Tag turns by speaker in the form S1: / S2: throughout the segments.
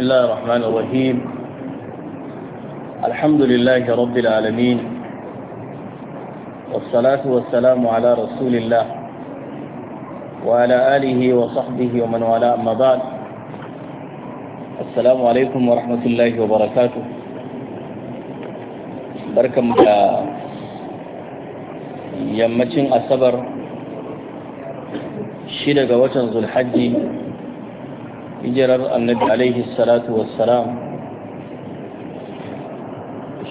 S1: بسم الله الرحمن الرحيم الحمد لله رب العالمين والصلاة والسلام على رسول الله وعلى آله وصحبه ومن والاه أما بعد السلام عليكم ورحمة الله وبركاته بركم يمتين أصبر شدق وتنزل حجي hijirar annabi alaihi salatu wassalam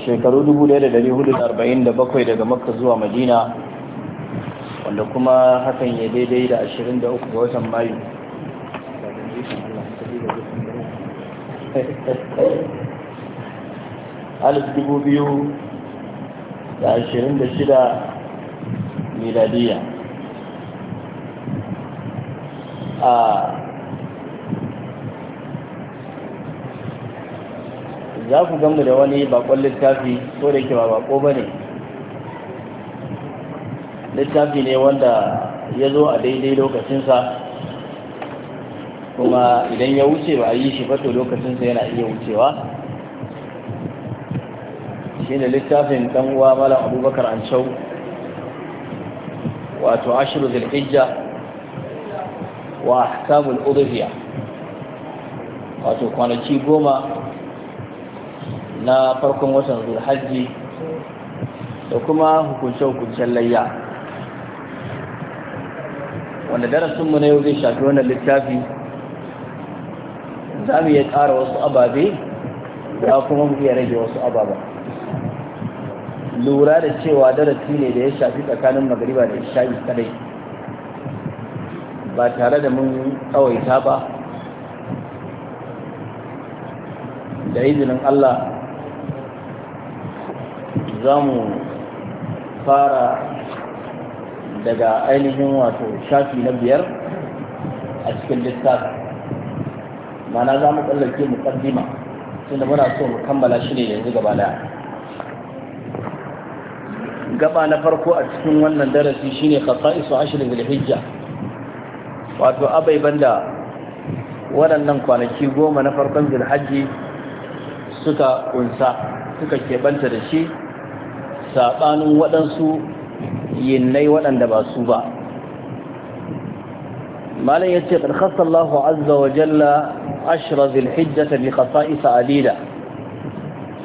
S1: shekaru 1447 daga makka zuwa madina wanda kuma hakan ya daidai da 23 ga watan mayu alif dubu biyu da ashirin da shida miladiya a za ku gamu da wani bakon littafi ko da ke ba bako ba ne littafi ne wanda ya zo a daidai lokacinsa kuma idan ya wuce ba a yi shi fato lokacinsa yana iya wucewa shi ne littafin uwa malam abubakar an cau wato ashiru zirkijja wa kamun wato kwanaki goma na farkon watan zulhajji da kuma hukunce-hukuncen layya wanda mu na yau zai shafi wannan littafi za mu iya ƙara wasu ababe ya kuma mu iya rage wasu ababa lura da cewa darasi ne da ya shafi tsakanin magariba da isha'i kadai ba tare da mun kawaita ba da izinin Allah za mu fara daga ainihin wato shafi na biyar a cikin littafi mana za mu tsallake mu kaddima tunda muna so mu kammala shi ne yanzu gaba daya gaba na farko a cikin wannan darasi shine khasaisu ashirin zulhijja wato abai banda waɗannan kwanaki goma na farkon hajji suka kunsa suka banta da shi saɓanin waɗansu yinnai waɗanda ba su ba malam ya ce ƙarƙasar Allah azza wa jalla ashirar zilhijjata bi khasa'isa adida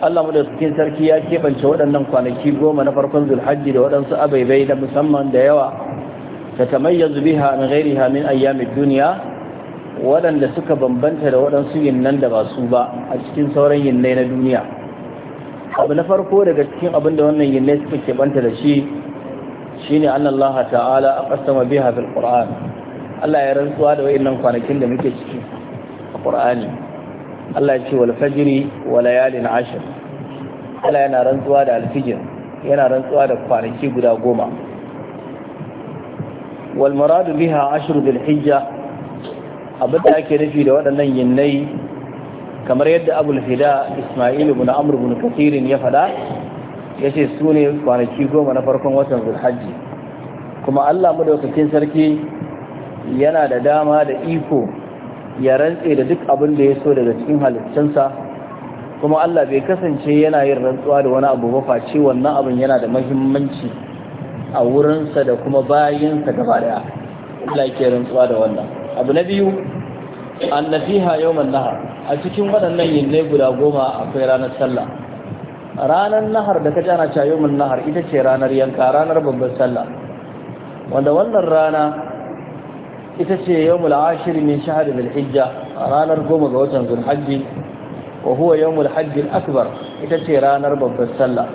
S1: Allah madaukakin sarki ya keɓance waɗannan kwanaki goma na farkon zulhajji da waɗansu abaibai da musamman da yawa ta tamayyazu biha min ghairiha min ayyamin duniya waɗanda suka bambanta da waɗansu yinnan da ba su ba a cikin sauran yinnai na duniya abu na farko daga cikin abin da wannan yinne suka ke banta da shi shine annallaha ta'ala aqsama biya fil qur'an Allah ya rantsuwa da wayannan kwanakin da muke ciki a ƙur'ani. Allah ya ce wal fajri wa layalin ashir Allah yana rantsuwa da alfijir yana rantsuwa da kwanaki guda goma wal muradu biha ashru dhil hijja abin da ake nufi da waɗannan yinnai kamar yadda abul fida ismail ibn amr ibn kasirin ya fada yace su ne kwanaki goma na farkon watan zulhajji kuma Allah madaukakin sarki yana da dama da iko ya rantse da duk abin da ya so daga cikin halittunsa kuma Allah bai kasance yana yin rantsuwa da wani abu ba face wannan abin yana da mahimmanci a wurinsa da kuma bayansa gaba daya Allah rantsuwa da wannan abu na biyu an nafiha yawman a cikin waɗannan yinnai guda goma akwai ranar sallah ranar nahar da ka jana ta yomin nahar ita ce ranar yanka ranar babban sallah wanda wannan rana ita ce yawmul ashir min shahr bil hijja ranar goma ga watan zulhajji wa huwa yawmul akbar ita ce ranar babban sallah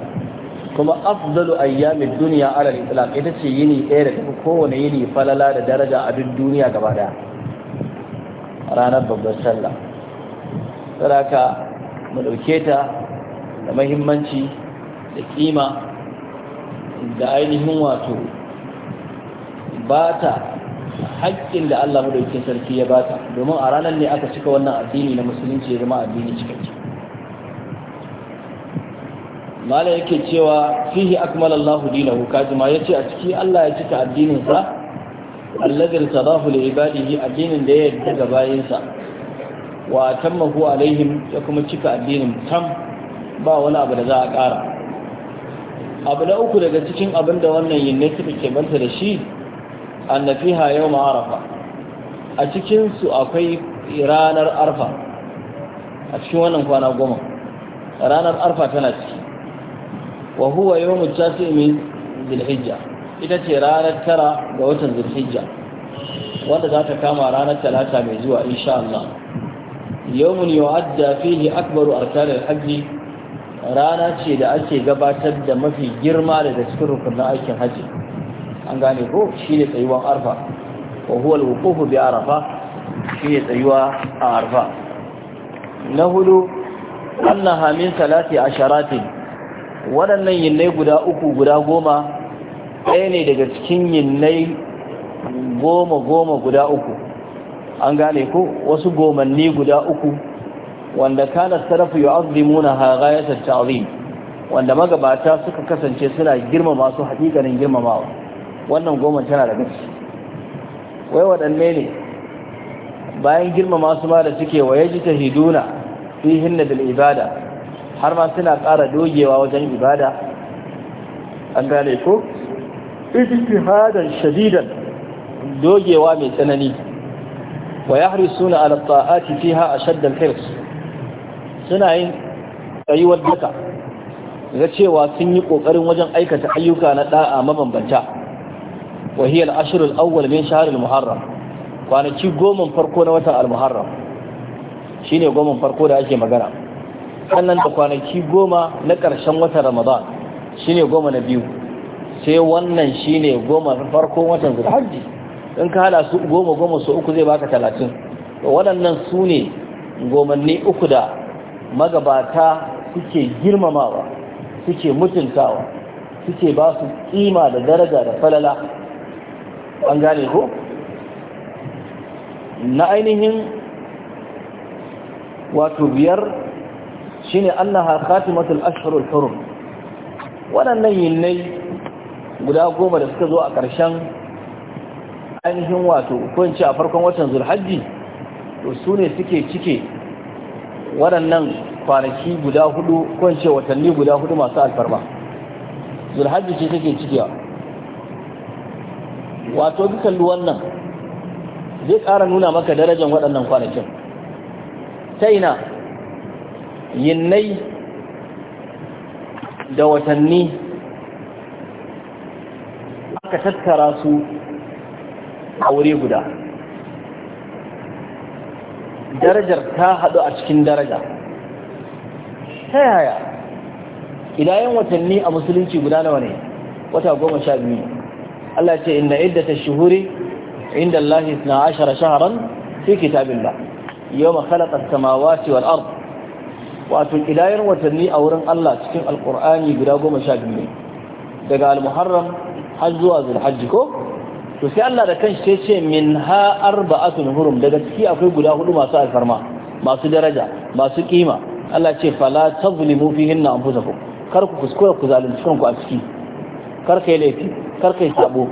S1: kuma afdalu ayyami duniya ala al itlaq ita ce yini ɗaya da tafi kowane yini falala da daraja a duk duniya gaba daya ranar babban sallah saraka mu ɗauke ta da mahimmanci da ƙima da ainihin wato bata haƙƙin da Allah madaukakin sarki ya bata, domin a ranar ne aka cika wannan addini na musulunci ya zama addini cikakke mala yake cewa fihi akmal Allahu dinahu kajima yace a ciki Allah ya cika addinin sa alladhi sadahu li ibadihi addinin da ya yarda ga bayinsa wa tammahu alaihim ya kuma cika addinin tam ba wani abu da za a ƙara abu na uku daga cikin abin da wannan yin suka ke banta da shi annafiha yau ma'arafa a cikinsu akwai ranar arfa a cikin wannan kwana goma ranar arfa tana ciki wa huwa yau mutasi min zilhijja ita ce ranar tara ga watan zilhijja wanda za ta kama ranar talata mai zuwa insha Allah yawmun yu'adda fihi akbaru arkanil hajji rana ce da ake gabatar da mafi girma daga cikin rukunin aikin hajji an gane ko shine tsayuwar arfa wa huwa al-wuqufu bi arafa tsayuwa a arfa na hudu annaha min salati asharatin waɗannan yinnai guda uku guda goma ɗaya ne daga cikin yinnai goma goma guda uku an gane ko wasu gomanni guda uku wanda kana sarafu yu'azzimuna ha ghayatat ta'zim wanda magabata suka kasance suna girmama su hakikanin girmamawa wannan goma tana da gaci wai wadanne ne bayan girmama su ma da suke wa fi hinna bil ibada har ma suna ƙara dogewa wajen ibada an gane ko ijtihadan shadidan dogewa mai tsanani wa yahrisuna ala ta'ati fiha ashadd al-hirs suna yin tsayuwar daka ga cewa sun yi kokarin wajen aikata ayyuka na ɗa'a mabambanta wa hiya al-ashr al-awwal min muharram kwanaki goma farko na watan al-muharram shine goma farko da ake magana sannan da kwanaki goma na ƙarshen watan ramadan shine goma na biyu sai wannan shine goma farkon watan zulhajji in ka hada su goma goma su uku zai baka talatin waɗannan su ne gomanni uku da magabata suke girmamawa suke mutuntawa suke ba su kima da daraja da falala an gane ko na ainihin wato biyar shine Allah ha khatimatul ashhurul hurum waɗannan yinnai guda goma da suka zo a ƙarshen ainihin wato ko in ce a farkon watan zulhajji to su ne suke cike waɗannan kwanaki guda hudu ko in ce watanni guda hudu masu alfarma zulhajji ce take cikewa wato dukan wannan zai ƙara nuna maka darajar waɗannan kwanakin ta ina yinnai da watanni aka tattara su a wuri guda darajar ta haɗu a cikin daraja ta yaya ilayen watanni a musulunci guda nawa ne wata goma sha biyu Allah ce inda ta shuhuri inda Allah na ashara shaharan fi kitabin ba yau ma khalaƙar samawa wal ard wato ilayen watanni a wurin Allah cikin alƙur'ani guda goma sha biyu daga al-muharram har zuwa zulhajji ko to sai Allah da kanshi ya ce min ha arba'atun hurum daga ciki akwai guda hudu masu alfarma masu daraja masu kima Allah ce fala tazlimu fihin na anfusakum kar ku kuskura ku zalunci kanku a ciki kar kai laifi kar kai sabo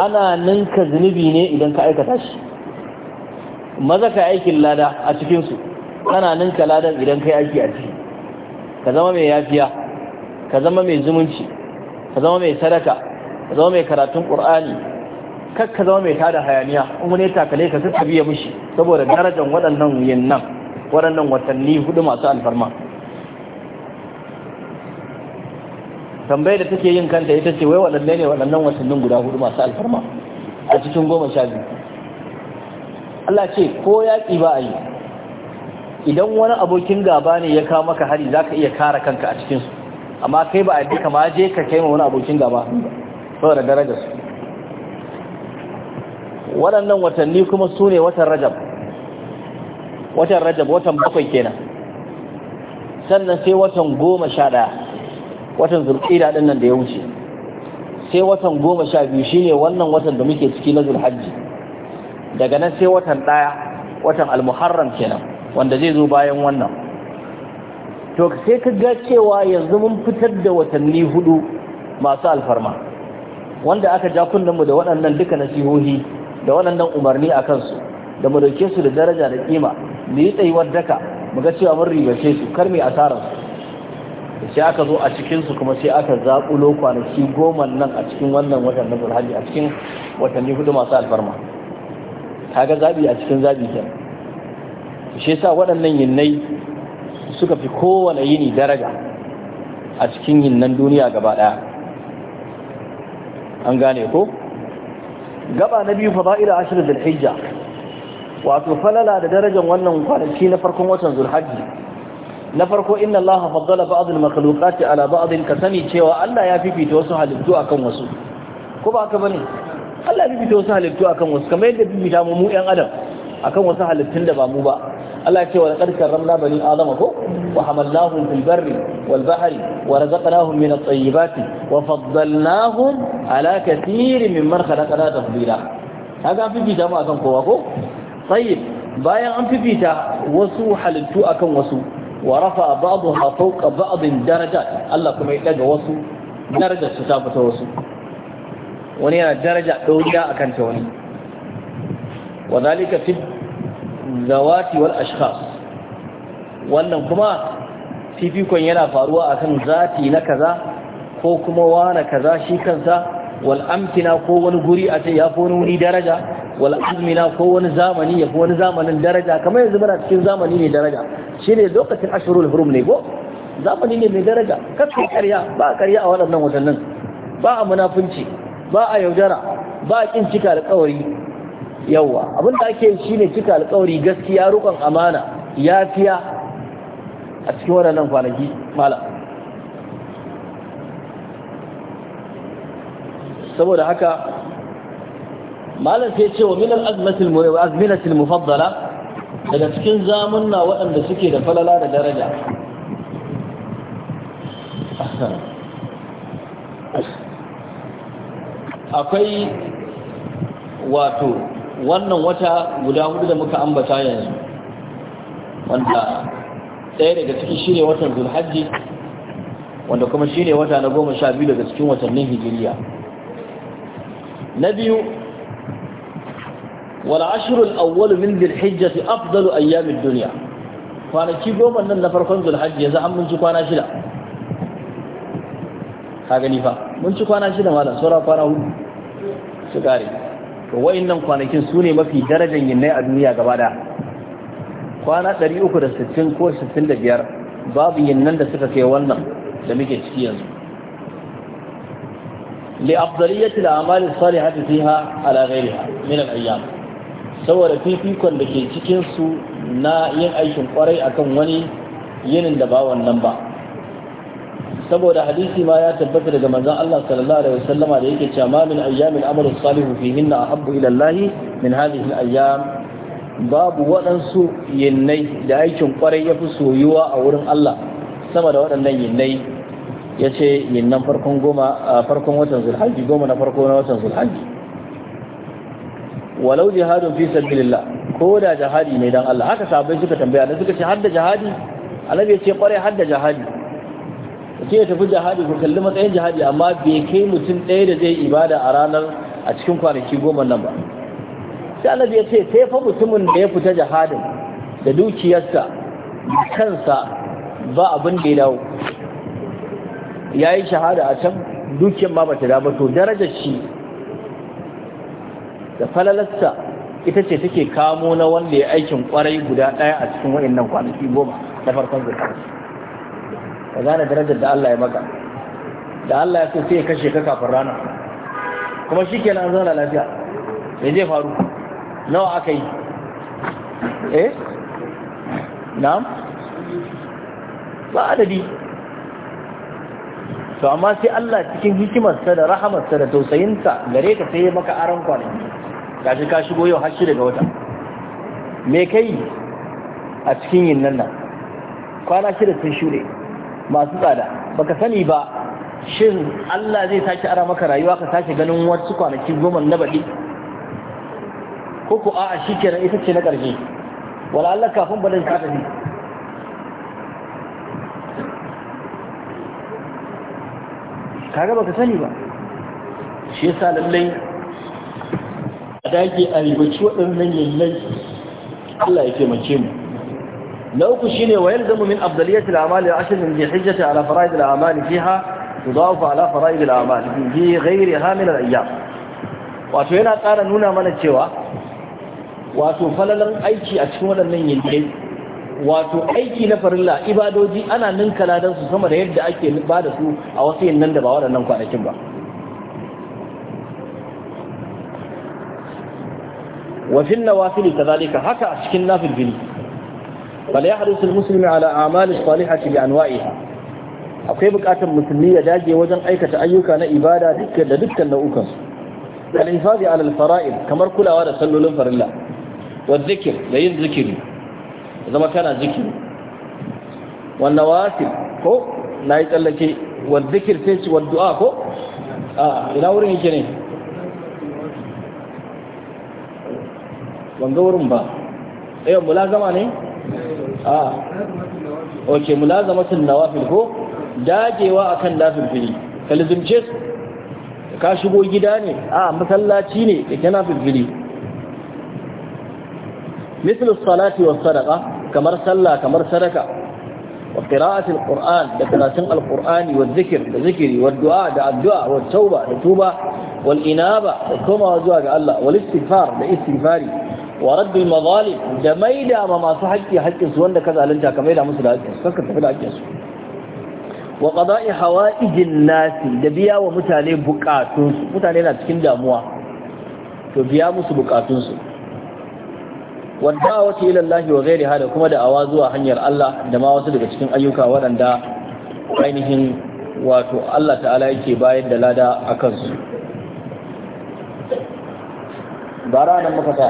S1: ana ninka zunubi ne idan ka aikata shi maza ka aikin lada a cikin su kana ninka ladan idan kai aiki a ciki ka zama mai yafiya ka zama mai zumunci ka zama mai sadaka ka zama mai karatun qur'ani kakka zama mai tada hayaniya in wani takale ka suka biya mushi saboda darajar waɗannan yannan waɗannan watanni hudu masu alfarma tambayar da take yin kanta ita ce wai waɗanne ne waɗannan watannin guda hudu masu alfarma a cikin goma sha biyu Allah ce ko yaƙi ba a yi idan wani abokin gaba ne ya kawo maka hari za ka iya kare kanka a cikinsu amma kai ba a yi kama je ka kai ma wani abokin gaba saboda darajarsu waɗannan watanni kuma su ne watan rajab watan rajab watan bakwai kenan sannan sai watan goma sha ɗaya watan zulƙida ɗin nan da ya wuce sai watan goma sha biyu shi ne wannan watan da muke ciki na zulhajji daga nan sai watan ɗaya watan almuharram kenan wanda zai zo bayan wannan to sai ka ga cewa yanzu mun fitar da watanni hudu masu alfarma wanda aka ja kunnenmu da waɗannan duka nasihohi da waɗannan umarni a kansu da mu dauke su da daraja da kima mu yi tsayuwar daka mu ga cewa mun ribace su kar mai asarar da sai aka zo a cikinsu kuma sai aka zaƙulo kwanaki goma nan a cikin wannan watan na a cikin watanni hudu masu alfarma Ta ga zaɓi a cikin zaɓi kenan shi sa waɗannan yinnai suka fi kowane yini daraja a cikin yinnan duniya gaba ɗaya an gane ko gaba na biyu fada'ila ashir zulhijja wato falala da darajar wannan kwanaki na farkon watan zulhajji na farko inna allaha faddala ba'd al-makhluqati ala ba'd ka sani cewa Allah ya fifita wasu halittu akan wasu ko ba haka bane Allah ya fifita wasu halittu akan wasu kamar yadda bibita mu mu yan adam akan wasu halittun da ba mu ba Allah ya ce wa laqad karramna bani adama ko وحملناهم في البر والبحر ورزقناهم من الطيبات وفضلناهم على كثير ممن خلقنا تفضيلا هذا في بيتا ما أكن كواكو طيب بايا أن في بيتا وسو حلتو أكن وسو ورفع بعضها فوق بعض درجات الله كما يتلقى وسو درجة ستافة وسو ونيا درجة دولية أكن توني وذلك في الذوات والأشخاص wannan kuma fifikon yana faruwa akan zati na kaza ko kuma wane kaza shi kansa wal amkina ko wani guri a ce ya fi wani wuri daraja wal azmina ko wani zamani ya fi wani zamanin daraja kamar yanzu muna cikin zamani ne daraja shi ne lokacin ashirul hurum ne ko zamani ne mai daraja kakkan karya ba a karya a waɗannan watannin ba a munafunci ba a yaudara ba a kin cika alƙawari yawa abin da ake shi ne cika alƙawari gaskiya rukon amana yafiya a cikin waɗannan kwanaki mala saboda haka malam sai ce wa minal azminatil mufaddala daga cikin zamunna waɗanda suke da falala da daraja akwai wato wannan wata guda hudu da muka ambata yanzu wanda ɗaya daga ciki shi ne watan zulhajji wanda kuma shi ne wata na goma sha biyu daga cikin watannin hijiriya na biyu wal ashirin awwalu min dhulhijja fi afdalu ayyamin duniya, kwanaki goma nan na farkon zulhajji yanzu an mun ci kwana shida ka gani fa mun ci kwana shida malam saura kwana hudu su kare to nan kwanakin su ne mafi darajar yinnai a duniya gaba daya kwana 360 ko 65 babu yinnan da suka kai wannan da muke ciki yanzu li afdaliyati al-a'mal as-salihati fiha ala ghayriha min al-ayyam saboda fifikon da ke cikin su na yin aikin kwarai akan wani yinin da ba wannan ba saboda hadisi ma ya tabbata daga manzon Allah sallallahu alaihi wasallama da yake cewa min ayyamin amalu salihu fihinna ahabbu ila Allah min hadhihi al-ayyam babu waɗansu yinnai da aikin kwarai ya fi soyuwa a wurin Allah sama da waɗannan yinnai ya ce yinnan farkon goma a farkon watan zulhaji goma na farko na watan zulhaji walau jihadun fi sabilillah ko da jihadi ne dan Allah haka sabai suka tambaya da suka ce har jihadi annabi ya ce ƙwarai har da jihadi ce ya tafi jihadi ku kalli matsayin jihadi amma bai kai mutum ɗaya da zai ibada a ranar a cikin kwanaki goma nan ba sai annabi ya ce sai fa mutumin da ya fita jihadin da dukiyarsa kansa ba abin da ya dawo ya yi shahada a can dukiyar ma bata dawo to darajar shi da falalarsa ita ce take kamo na wanda ya aikin kwarai guda ɗaya a cikin wa'annan kwanaki goma na farkon zuwa ka gane darajar da Allah ya maka da Allah ya so sai ya kashe ka kafin rana kuma shi kenan zana lafiya me zai faru nawa aka yi eh na'am ba adadi to amma sai Allah cikin hikimarsa da rahamarsa da tausayinsa gare ka sai maka aron kwanaki gashi ka shigo yau har shida ga wata me kai a cikin yin nan kwana shida sun shure masu tsada baka sani ba shin Allah zai sake ara maka rayuwa ka sake ganin wasu kwanaki goma na baɗi ko ko a'a shi kenan ita ce na ƙarshe wala Allah kafin barin ta tafi kaga baka sani ba shi yasa lallai a dage a ribaci waɗannan lallai Allah ya taimake mu na uku shine wa yalzamu min afdaliyati al-a'mal al-ashr min hijjati ala fara'id al-a'mal fiha tudafu ala fara'id al-a'mal fi ghayriha min al-ayyam wato yana ƙara nuna mana cewa wato falalan aiki a cikin waɗannan yankai wato aiki na farilla ibadoji ana ninkala don su sama da yadda ake ba da su a wasu nan da ba waɗannan kwanakin ba wafin ta zalika haka a cikin nafilfili bal ya harisu musulmi ala amali salihati bi anwa'iha akwai bukatar musulmi ya dage wajen aikata ayyuka na ibada da dukkan nau'ukan al-hifazi ala al-fara'id kamar kulawa da sallolin farilla wa zikir da yin zama kana zikiri wannan wasif ko na yi tsallake wa zikir sai ci wa du'a ko a ina wurin yake ne wanga wurin ba eh mulazama ne a oke mulazamatin nawafil ko dajewa akan lafil fili kalizimce ka shigo gida ne Aa masallaci ne da kana fili mislu salati was sadaqa kamar sallah kamar sadaka wa qira'atil qur'an da karatun alqur'ani wa zikr da zikiri wa du'a da addu'a wa tauba da tuba wal inaba da koma zuwa ga Allah wal istikfar da istighfari wa radd al da maida ma masu haƙƙi haƙƙin wanda ka zalunta ka maida musu da haƙƙin su kanka tafi da haƙƙin su wa qada'i hawa'ijin nasi da biya wa mutane bukatun mutane na cikin damuwa to biya musu bukatun wadda ila Allah wa ghairi hada kuma da awa zuwa hanyar Allah da ma wasu daga cikin ayyuka waɗanda ainihin wato Allah ta'ala yake bayar da lada a kansu bara nan muka ta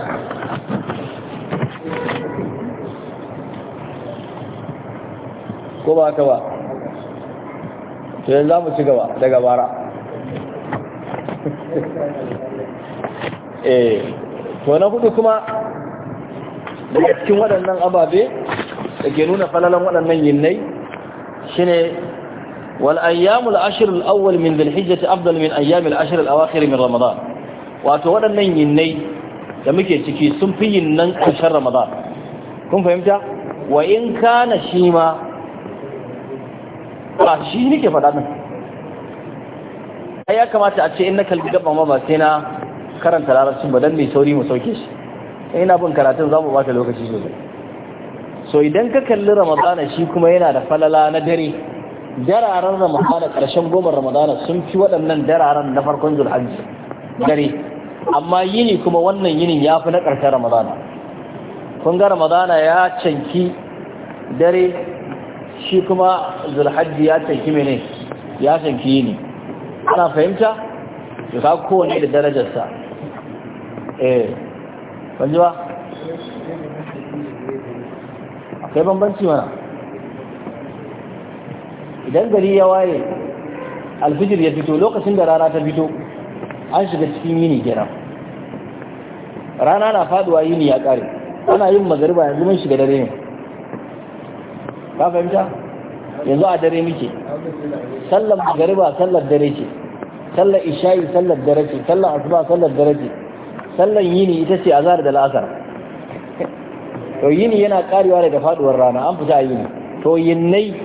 S1: ko ba ka ba to yanzu za mu ci gaba daga bara eh to na hudu kuma daga cikin waɗannan ababe da ke nuna falalan waɗannan yinnai shi ne ayyamul ashr al awwal min dhil hijjati afdal min ayyam al ashr al min ramadan wato waɗannan yinnai da muke ciki sun fi yin nan ƙarshen ramadan kun fahimta wa in ka na shi ma ba shi nake faɗa nan ai ya kamata a ce in na kalbi gaba ma ba sai na karanta larabcin ba dan mai sauri mu sauke shi ina bin karatun za mu bata lokaci sosai so idan ka kalli ramadana shi kuma yana da falala na dare dararen ramadana karshen goma ramadana sun fi waɗannan dararen na farkon zulhajji dare amma yini kuma wannan yinin ya fi na ƙarshen ramadana kun ga ramadana ya canki dare shi kuma zulhajji ya canki mene ya canki yini ana fahimta ka kowane da darajarsa eh. ban akwai bambanci mana idan gari ya waye alfijir ya fito lokacin da rana ta fito an shiga cikin yini gina rana na faduwa yini ya kare ana yin magariba yanzu mun shiga dare ne ka fahimta yanzu a dare muke sallar magariba sallar dare ce sallar isha'i sallar dare ce sallar asuba sallar dare ce sallan yini ita ce azhar da la'asar to yini yana karewa daga faduwar rana an fita a yini to yinnai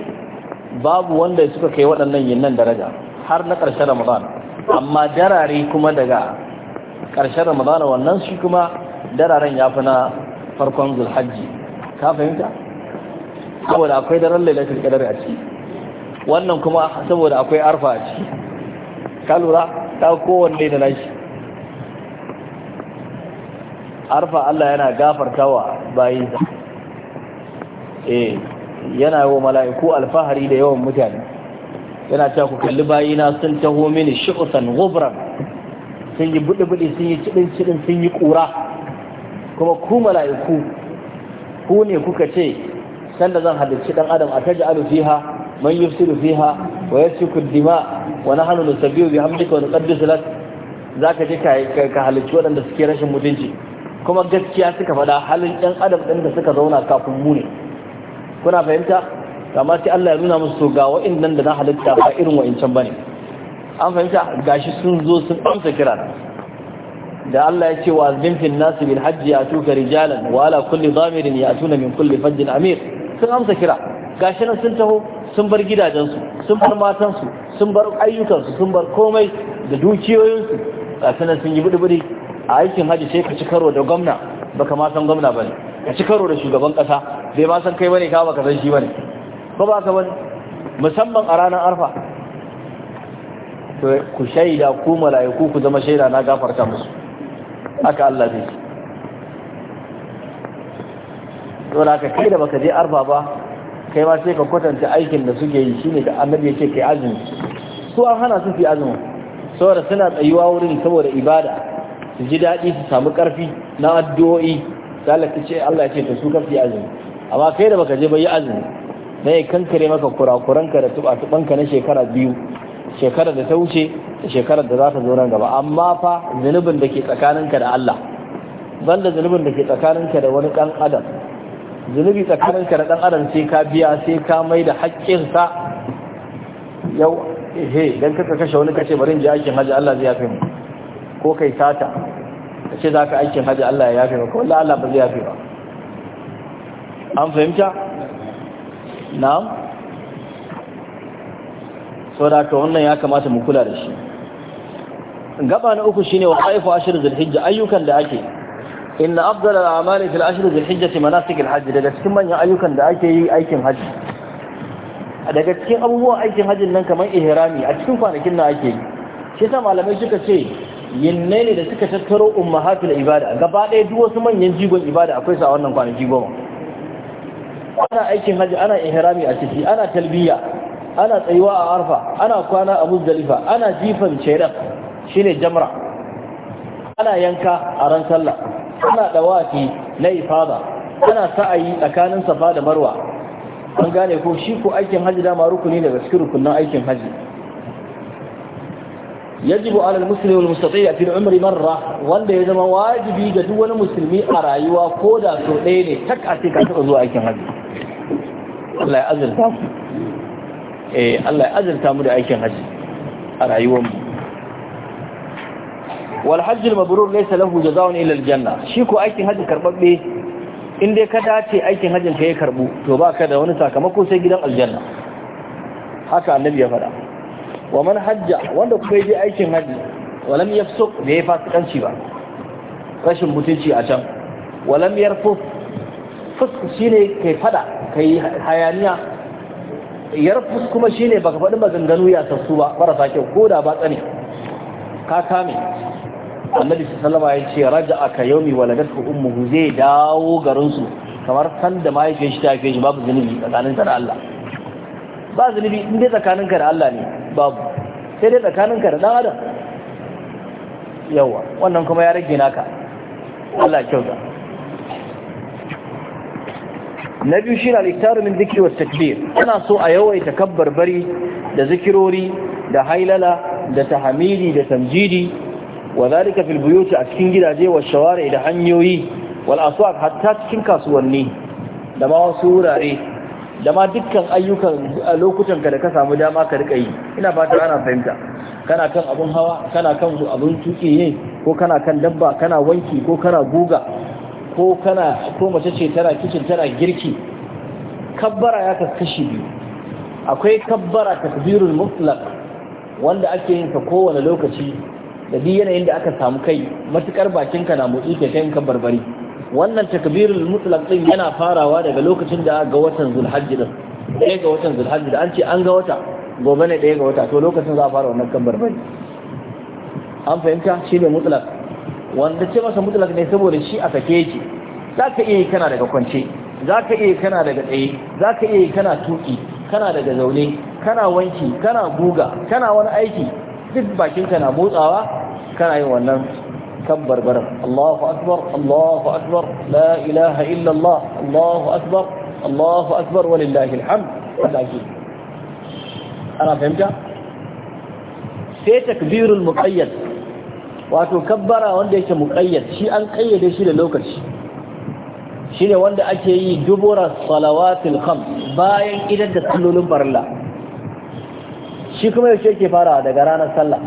S1: babu wanda suka kai waɗannan yinnan daraja har na ƙarshen ramadan amma darare kuma daga ƙarshen ramadan wannan shi kuma dararen ya fi na farkon zulhajji ka fahimta saboda akwai daren lailatul qadar a ciki wannan kuma saboda akwai arfa a ciki ka lura ta kowanne da nashi arfa Allah yana gafartawa sa eh yana yi wa mala'iku alfahari da yawan mutane yana ta ku kalli bayina sun taho mini shi'usan gubran sun yi buɗe-buɗe sun yi ciɗin cidin sun yi ƙura kuma ku mala'iku ku ne kuka ce sanda zan halarci ɗan adam a taji alu fiha man yufsidu fiha wa yasfiku dima wa nahnu nusabbihu bihamdika wa nuqaddisu lak zaka je ka halarci waɗanda suke rashin mutunci kuma gaskiya suka faɗa halin ɗan adam ɗin da suka zauna kafin mu ne kuna fahimta amma sai Allah ya nuna musu ga wa'annan da na halitta ba irin wa'incan bane an fahimta gashi sun zo sun amsa kira da Allah ya ce wa azbin fil nas Hajji hajj yatuka rijalan wa ala kulli ya tuna min kulli fajjin amir sun amsa kira gashi nan sun taho sun bar gidajensu sun bar matansu sun bar ayyukansu sun bar komai da dukiyoyinsu gashi nan sun yi budi-budi a aikin haji sai ka ci karo da gwamna baka ma san gwamna bane ka ci karo da shugaban kasa bai ma san kai bane ka baka san shi bane ko ba ka bane musamman a ranar arfa to ku shaida ku mala'iku ku zama shaida na gafarta musu haka Allah zai to da ka kai da baka je arfa ba kai ma sai ka kwatanta aikin da suke yi shine da annabi yake kai azumi su an hana su fi azumi saboda suna tsayuwa wurin saboda ibada su ji daɗi su samu ƙarfi na addu'o'i Allah ce Allah ya ce to su kafi azumi amma kai da baka je ba yi azumi na ya kankare maka kurakuranka da tubatubanka na shekara biyu shekarar da ta wuce da shekarar da za ta zo nan gaba amma fa zunubin da ke tsakaninka da Allah Ban da zunubin da ke tsakaninka da wani dan adam zunubi tsakaninka da dan adam sai ka biya sai ka mai da haƙƙinsa yau ehe eh, dan ka kashe wani kace bari in ji aikin haji Allah zai yafe mu ko kai sata ka ce za ka aikin hajji Allah ya yafe ba ko Allah ba zai yafe ba an fahimta na'am saboda ka wannan ya kamata mu kula da shi gaba na uku shine wasaifu ashir zulhijja ayyukan da ake inna afdal al-a'mali fil ashir zulhijjati manasik al-hajj daga cikin manyan ayyukan da ake yi aikin hajji daga cikin abubuwan aikin hajjin nan kamar ihrami a cikin kwanakin nan ake yi shi ta malamai suka ce yinnai ne da suka tattaro ummahatul ibada gaba ɗaya duk wasu manyan jigon ibada akwai su a wannan kwanaki goma ana aikin haji ana ihrami a ciki ana talbiya ana tsayuwa a arfa ana kwana a muzdalifa ana jifan shaidan shine jamra ana yanka a ran sallah ana dawaki na ifada ana sa'ayi tsakanin safa da marwa an gane ko shi ko aikin haji dama rukuni daga cikin rukunin aikin haji yajibu alal muslimi wal mustati' fi al wanda ya zama wajibi da duk wani musulmi a rayuwa ko da so ɗaya ne tak a ce ka taɓa zuwa aikin hajji Allah ya azurta mu eh, aikin hajji a rayuwar mu wal hajj al mabrur laysa lahu jazaa'un illa janna shi ko aikin hajji karbabbe in dai ka dace aikin hajjin ka ya karɓu, to baka da wani sakamako sai gidan aljanna haka annabi ya faɗa wa man hajja wanda kuma je aikin haji walam yafsuq da ya fasikanci ba rashin mutunci a can walam yarfus fusk shine kai fada kai hayaniya yarfus kuma shine baka faɗi maganganu ya sassu ba marasa kyau ko da ba tsane ka kame annabi sallama ya ce raja aka yaumi waladatu ummuhu zai dawo garinsu kamar sanda ke shi ta haife shi babu zunubi tsakanin da Allah ba zunubi in dai tsakaninka da Allah ne babu sai dai tsakaninka da dan adam yawa wannan kuma ya rage naka Allah kyauta na biyu shi na liktaru min zikiri wa takbir ana so a yawaita kabbar bari da zikirori da hailala da tahamidi da tamjidi wa zalika fil buyuti a cikin gidaje wa shawara da hanyoyi wal aswaq hatta cikin kasuwanni da ma wasu wurare da ma dukkan ayyukan a lokutan ka da ka samu dama ka rika yi ina ta ana fahimta kana kan abun hawa kana kan abun tuki ne ko kana kan dabba kana wanki ko kana guga ko kana ko mace ce tana kicin tana girki kabbara ya kaskashi biyu akwai kabbara takbirul mutlaq wanda ake yin ta kowane lokaci da duk yanayin da aka samu kai matukar bakinka na motsi ka kai kan barbari wannan takbirul mutlaq din yana farawa daga lokacin da ga watan zulhajji din ɗaya ga watan zulhajji da an ce an ga wata gobe ne ɗaya ga wata to lokacin za a fara wannan kan barbari an fahimta shi ne mutlaq wanda ce masa mutlaq ne saboda shi a sake yake za ka iya kana daga kwance za ka iya kana daga tsaye za ka iya kana tuki kana daga zaune kana wanki kana guga kana wani aiki duk bakinka na motsawa kana yin wannan kabbar barin Allahu akbar Allahu akbar la ilaha illa Allah Allahu akbar Allahu akbar walillahi alhamd wanda ake ana fahimta sai takbirul muqayyad wato kabbara wanda yake muqayyad shi an kayyade shi da lokaci shine wanda ake yi dubura salawatil kham bayan idan da sallolin barilla shi kuma yaushe yake fara daga ranar sallah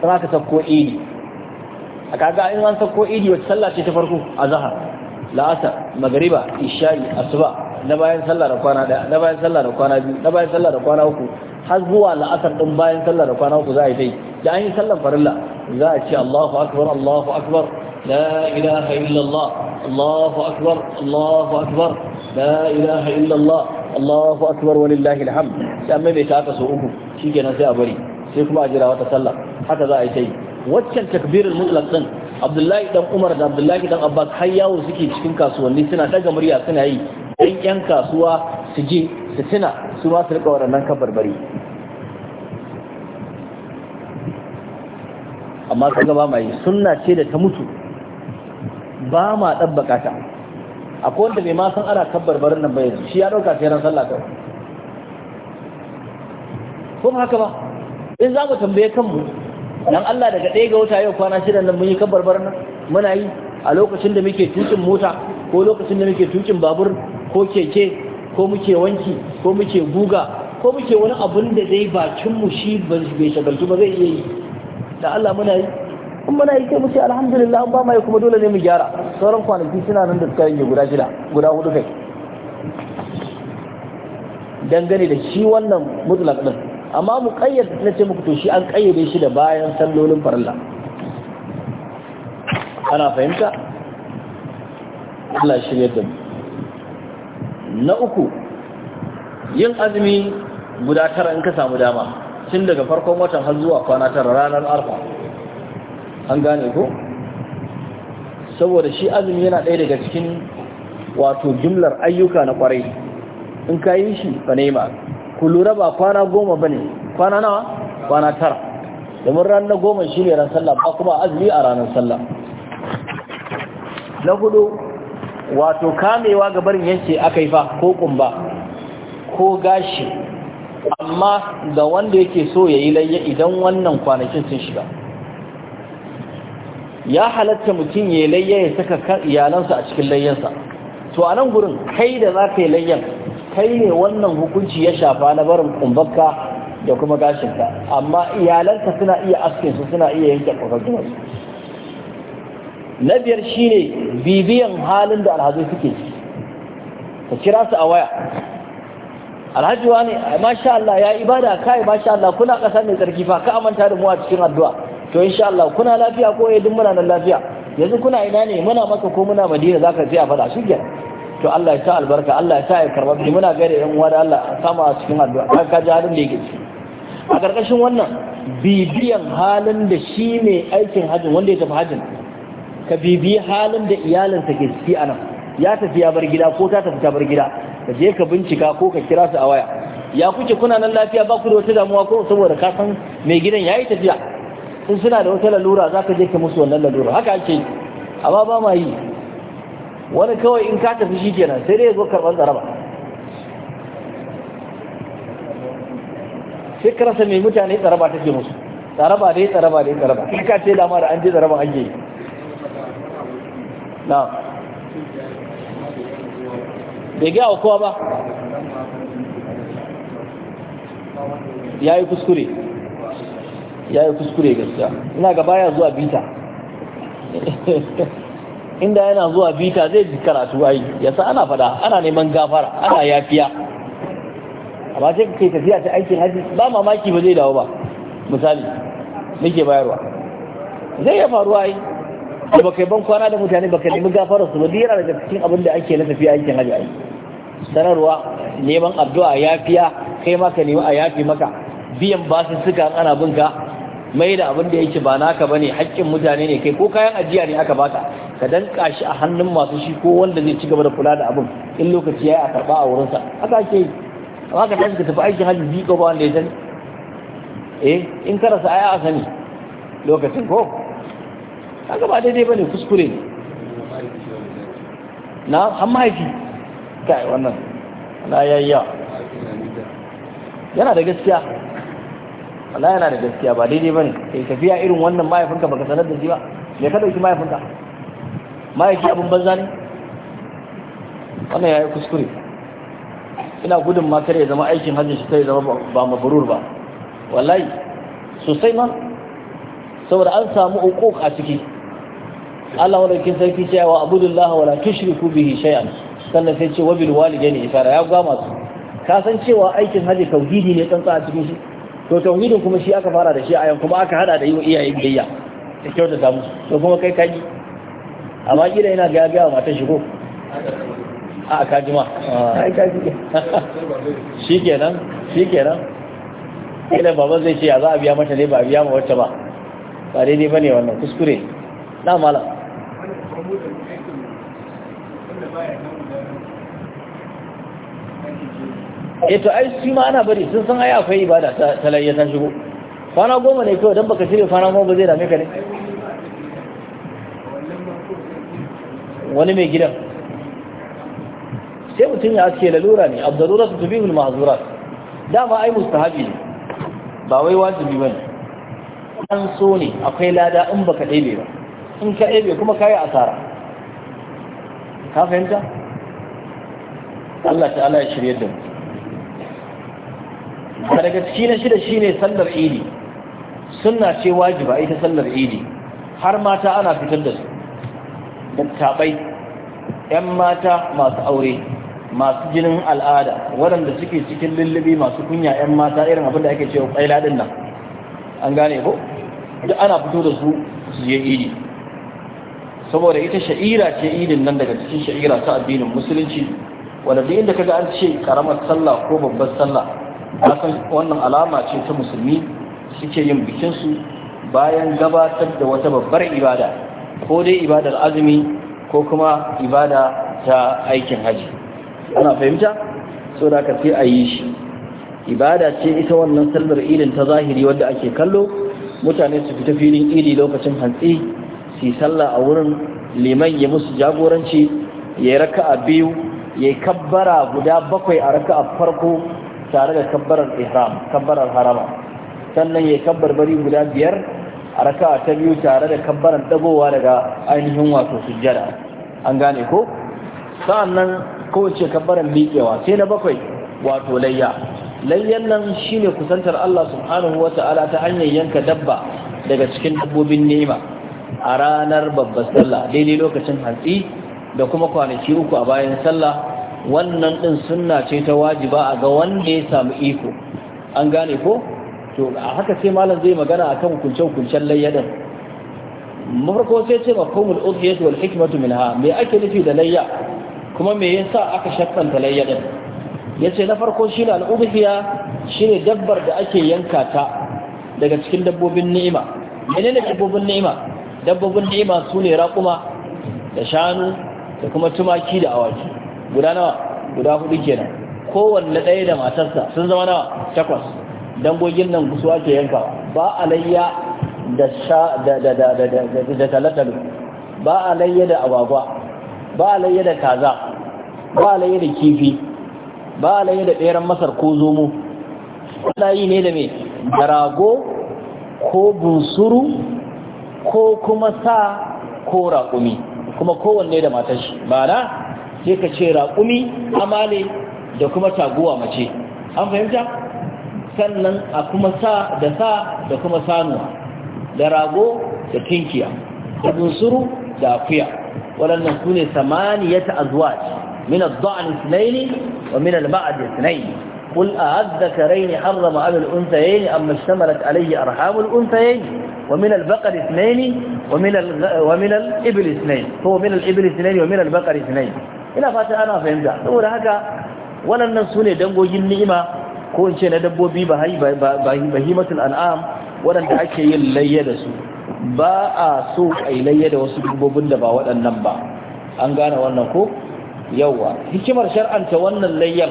S1: sai aka sako idi a kaga in an sako idi wata sallah ce ta farko a zahar la'asar magariba ishari asuba na bayan sallah da kwana daya na bayan sallah da kwana biyu na bayan sallah da kwana uku har zuwa la'asar din bayan sallah da kwana uku za a yi dai da an yi sallar farilla za a ce Allahu akbar Allahu akbar la ilaha illallah Allahu akbar Allahu akbar la ilaha illallah Allahu akbar walillahi alhamd sai amma bai ta aka so uku shikenan sai a bari sai kuma a jira wata sallah haka za a yi ta yi waccan takbirin mutlaq din abdullahi dan umar da abdullahi dan abbas har yawo suke cikin kasuwanni suna daga murya suna yi ɗan ƴan kasuwa su je su tuna su ma su riƙa waɗannan kabarbari amma kaga ba mai sunna ce da ta mutu ba ma ɗabbaka ta akwai wanda bai ma san ana kabarbarin nan ba shi ya ɗauka sai ran sallah kawai ko haka ba in za mu tambaye kanmu dan Allah daga ɗaya ga wata yau kwana shida nan mun yi bar nan muna yi a lokacin da muke tukin mota ko lokacin da muke tukin babur ko keke ko muke wanki ko muke guga ko muke wani abun da zai bakin mu shi bai shagaltu ba zai iya yi da Allah muna yi kun muna yi sai mu ce alhamdulillah ba mai kuma dole ne mu gyara sauran kwanaki suna nan da suka yi guda shida guda hudu kai dangane da shi wannan mutlak din amma mu kayyade na ce muku to shi an kayyade shi da bayan sallolin farilla ana fahimta Allah shi yadda na uku yin azumi guda tara in ka samu dama tun daga farkon watan har zuwa kwana tara ranar arfa an gane ko saboda shi azumi yana ɗaya daga cikin wato jumlar ayyuka na kwarai in ka yi shi ba yi ma ku lura ba kwana goma ba ne kwana nawa kwana tara domin ranar goma shi ne ran sallah ba kuma azumi a ranar sallah na hudu wato kamewa ga barin yanke aka yi fa ko kumba ko gashi amma da wanda yake so ya yi layya idan wannan kwanakin sun shiga ya halatta mutum ya yi layya ya saka iyalansa a cikin layyansa to a nan gurin kai da za ka yi layyan kai ne wannan hukunci ya shafa na barin kumbarka da kuma gashinta, amma iyalanta suna iya askin su suna iya yanke kwakwakwar su na biyar ne bibiyan halin da alhazai suke ka kira su a waya alhaji wani masha Allah ya ibada kai masha Allah kuna ƙasa mai tsarki fa ka amanta da mu a cikin addu'a to insha Allah kuna lafiya ko eh muna nan lafiya yanzu kuna ina ne muna maka ko muna madina zaka je a faɗa shi to Allah ya sa albarka Allah ya sa ya karba bi muna gaida yan uwa da Allah a sama a cikin addu'a ka ka ji halin da yake a karkashin wannan bibiyan halin da shi ne aikin hajjin wanda ya tafi hajjin ka bibiyi halin da iyalinsa ke ciki a nan ya tafi ya bar gida ko ta tafi ta bar gida ka je ka bincika ko ka kira su a waya ya kuke kuna nan lafiya ba ku da wata damuwa ko saboda ka san mai gidan yayi tafiya in suna da wata lalura za ka je ka musu wannan lalura haka ake yi amma ba ma yi wani kawai in ka tafi shi kenan sai dai zo karɓar tsaraba sai ka mai mutane tsaraba take musu tsaraba dai tsaraba dai tsaraba in ka ce lamar an je tsaraba an je. na bai gawa kowa ba ya yi kuskure ya yi kuskure gaskiya ina gaba ya zuwa bita inda yana zuwa bita zai ji karatu ai yasa ana fada ana neman gafara ana yafiya amma sai kai tafiya ta aikin haji ba mamaki ba zai dawo ba misali nake bayarwa zai ya faruwa ai da baka ban kwana da mutane baka nemi gafara su ba duk yana daga cikin abin da ake na tafiya aikin haji ai sanarwa neman addu'a yafiya kai ma ka nemi a yafi maka biyan basu suka ana bin ka mai da abin da yake ba naka bane haƙƙin mutane ne kai ko kayan ajiya ne aka baka ka danka shi a hannun masu shi ko wanda zai ci gaba da kula da abin in lokaci ya yi a karɓa a wurinsa haka ke, yi amma ka tashi ka tafi aikin hajji bi ko ba wanda ya sani eh in ka rasa aya a sani lokacin ko haka ba daidai bane kuskure ne na an mahaifi kai wannan na yayya yana da gaskiya Wala yana da gaskiya ba daidai bane kai tafiya irin wannan mahaifinka baka sanar da shi ba me ka dauki mahaifinka ma'aiki abin banza ne wannan ya yi kuskure ina gudun ma kare zama aikin hajji shi kare zama ba mabrur ba wallahi sosai ma saboda an samu uquq a ciki Allah wadakin sarki wa abudullahi wala tushriku bihi shay'an sannan sai ce wabil walidaini isara ya gama su ka san cewa aikin hajji tauhidi ne tsantsa a cikin shi to tauhidin kuma shi aka fara da shi a yan kuma aka hada da yi wa iyaye biyayya da kyau kyautata musu to kuma kai kaji amma gida yana gaya gaya mata shigo a kaji ma ai shi shikenan shikenan baban baba zai ce ya za a biya mata ne ba a biya ma wacce ba ba daidai ba ne wannan kuskure na malam eto eh, ai su ma ana bari sun san ai akwai ibada ta layyatan shigo kwana goma ne kawai don baka shirya kwana goma ba zai dame ka ne wani mai gidan sai mutum ya aske lalura ne abdarura su tubi bil mahzura dama ai mustahabi ne ba wai wajibi bane an so ne akwai lada in baka ɗebe ba in ka ɗebe kuma kayi asara ka fahimta Allah ta'ala ya shirya da mu daga ciki na shida shi ne sallar idi suna ce wajiba ita sallar idi har mata ana fitar da su dattabai yan mata masu aure masu jinin al'ada waɗanda suke cikin lullubi masu kunya yan mata irin abin da ake cewa kwaila din nan an gane ko da ana fito da su su je idi saboda ita sha'ira ce idin nan daga cikin sha'ira ta addinin musulunci wanda duk inda kaga an ce karamar sallah ko babbar sallah san wannan alama ce ta musulmi suke yin bikin su bayan gabatar da wata babbar ibada ko dai ibadar azumi ko kuma ibada ta aikin haji ana fahimta so da ka sai a yi shi ibada ce ita wannan sallar idin ta zahiri wadda ake kallo mutane su fita filin idi lokacin hantsi su yi sallah a wurin liman ya musu jagoranci ya yi a biyu ya kabbara guda bakwai a a farko tare da kabbarar ihram kabbarar harama sannan ya kabbar bari guda biyar a ta biyu tare da kabbaran dagowa daga ainihin wato sujjada an gane ko sa'annan kowace kabbaran miƙewa sai na bakwai wato layya layyan nan shine kusantar Allah subhanahu wata'ala ta hanyar yanka dabba daga cikin dabbobin nema a ranar babbar sallah daidai lokacin hantsi da kuma kwanaki uku a bayan sallah wannan din sunna ce ta wajiba a ga wanda ya samu iko an gane ko to a haka sai malam zai magana akan hukunce-hukuncen layyadan mafarko sai ce mafhumul udhiyatu wal hikmatu minha me ake nufi da layya kuma me yasa aka shakkanta layyadan yace na farko shine al udhiya shine dabbar da ake yanka ta daga cikin dabbobin ni'ima menene dabbobin ni'ima dabbobin ni'ima sune raƙuma da shanu da kuma tumaki da awaki guda nawa guda hudu kenan kowanne ɗaya da matarsa sun zama nawa takwas dangogin nan su ake yanka ba alayya da sha da da da da da ba alayya da agwagwa ba alayya da kaza ba alayya da kifi ba alayya da beran masar ko zomo ana yi ne da me da rago ko bunsuru ko kuma sa ko raƙumi kuma kowanne da matar shi na sai ka ce raƙumi amale da kuma taguwa mace an fahimta sannan a kuma sa da sa da kuma sanuwa da rago da kinkiya da bunsuru da akuya waɗannan su ne samaniyata azwaj min ad-da'n wa min al-ba'd ithnayn قل أعذكرين حرم على الأنثيين أما اشتملت عليه أرحام الأنثيين ومن البقر wa min ومن الإبل اثنين هو من الإبل اثنين ومن البقر اثنين ina fata ana fahimta saboda haka waɗannan su ne dangogin ni'ima ko in ce na dabbobi ba himatul an'am waɗanda ake yin layya da su ba a so a yi layya da wasu dabbobin da ba waɗannan ba an gane wannan ko yawa hikimar shar'anta wannan layyar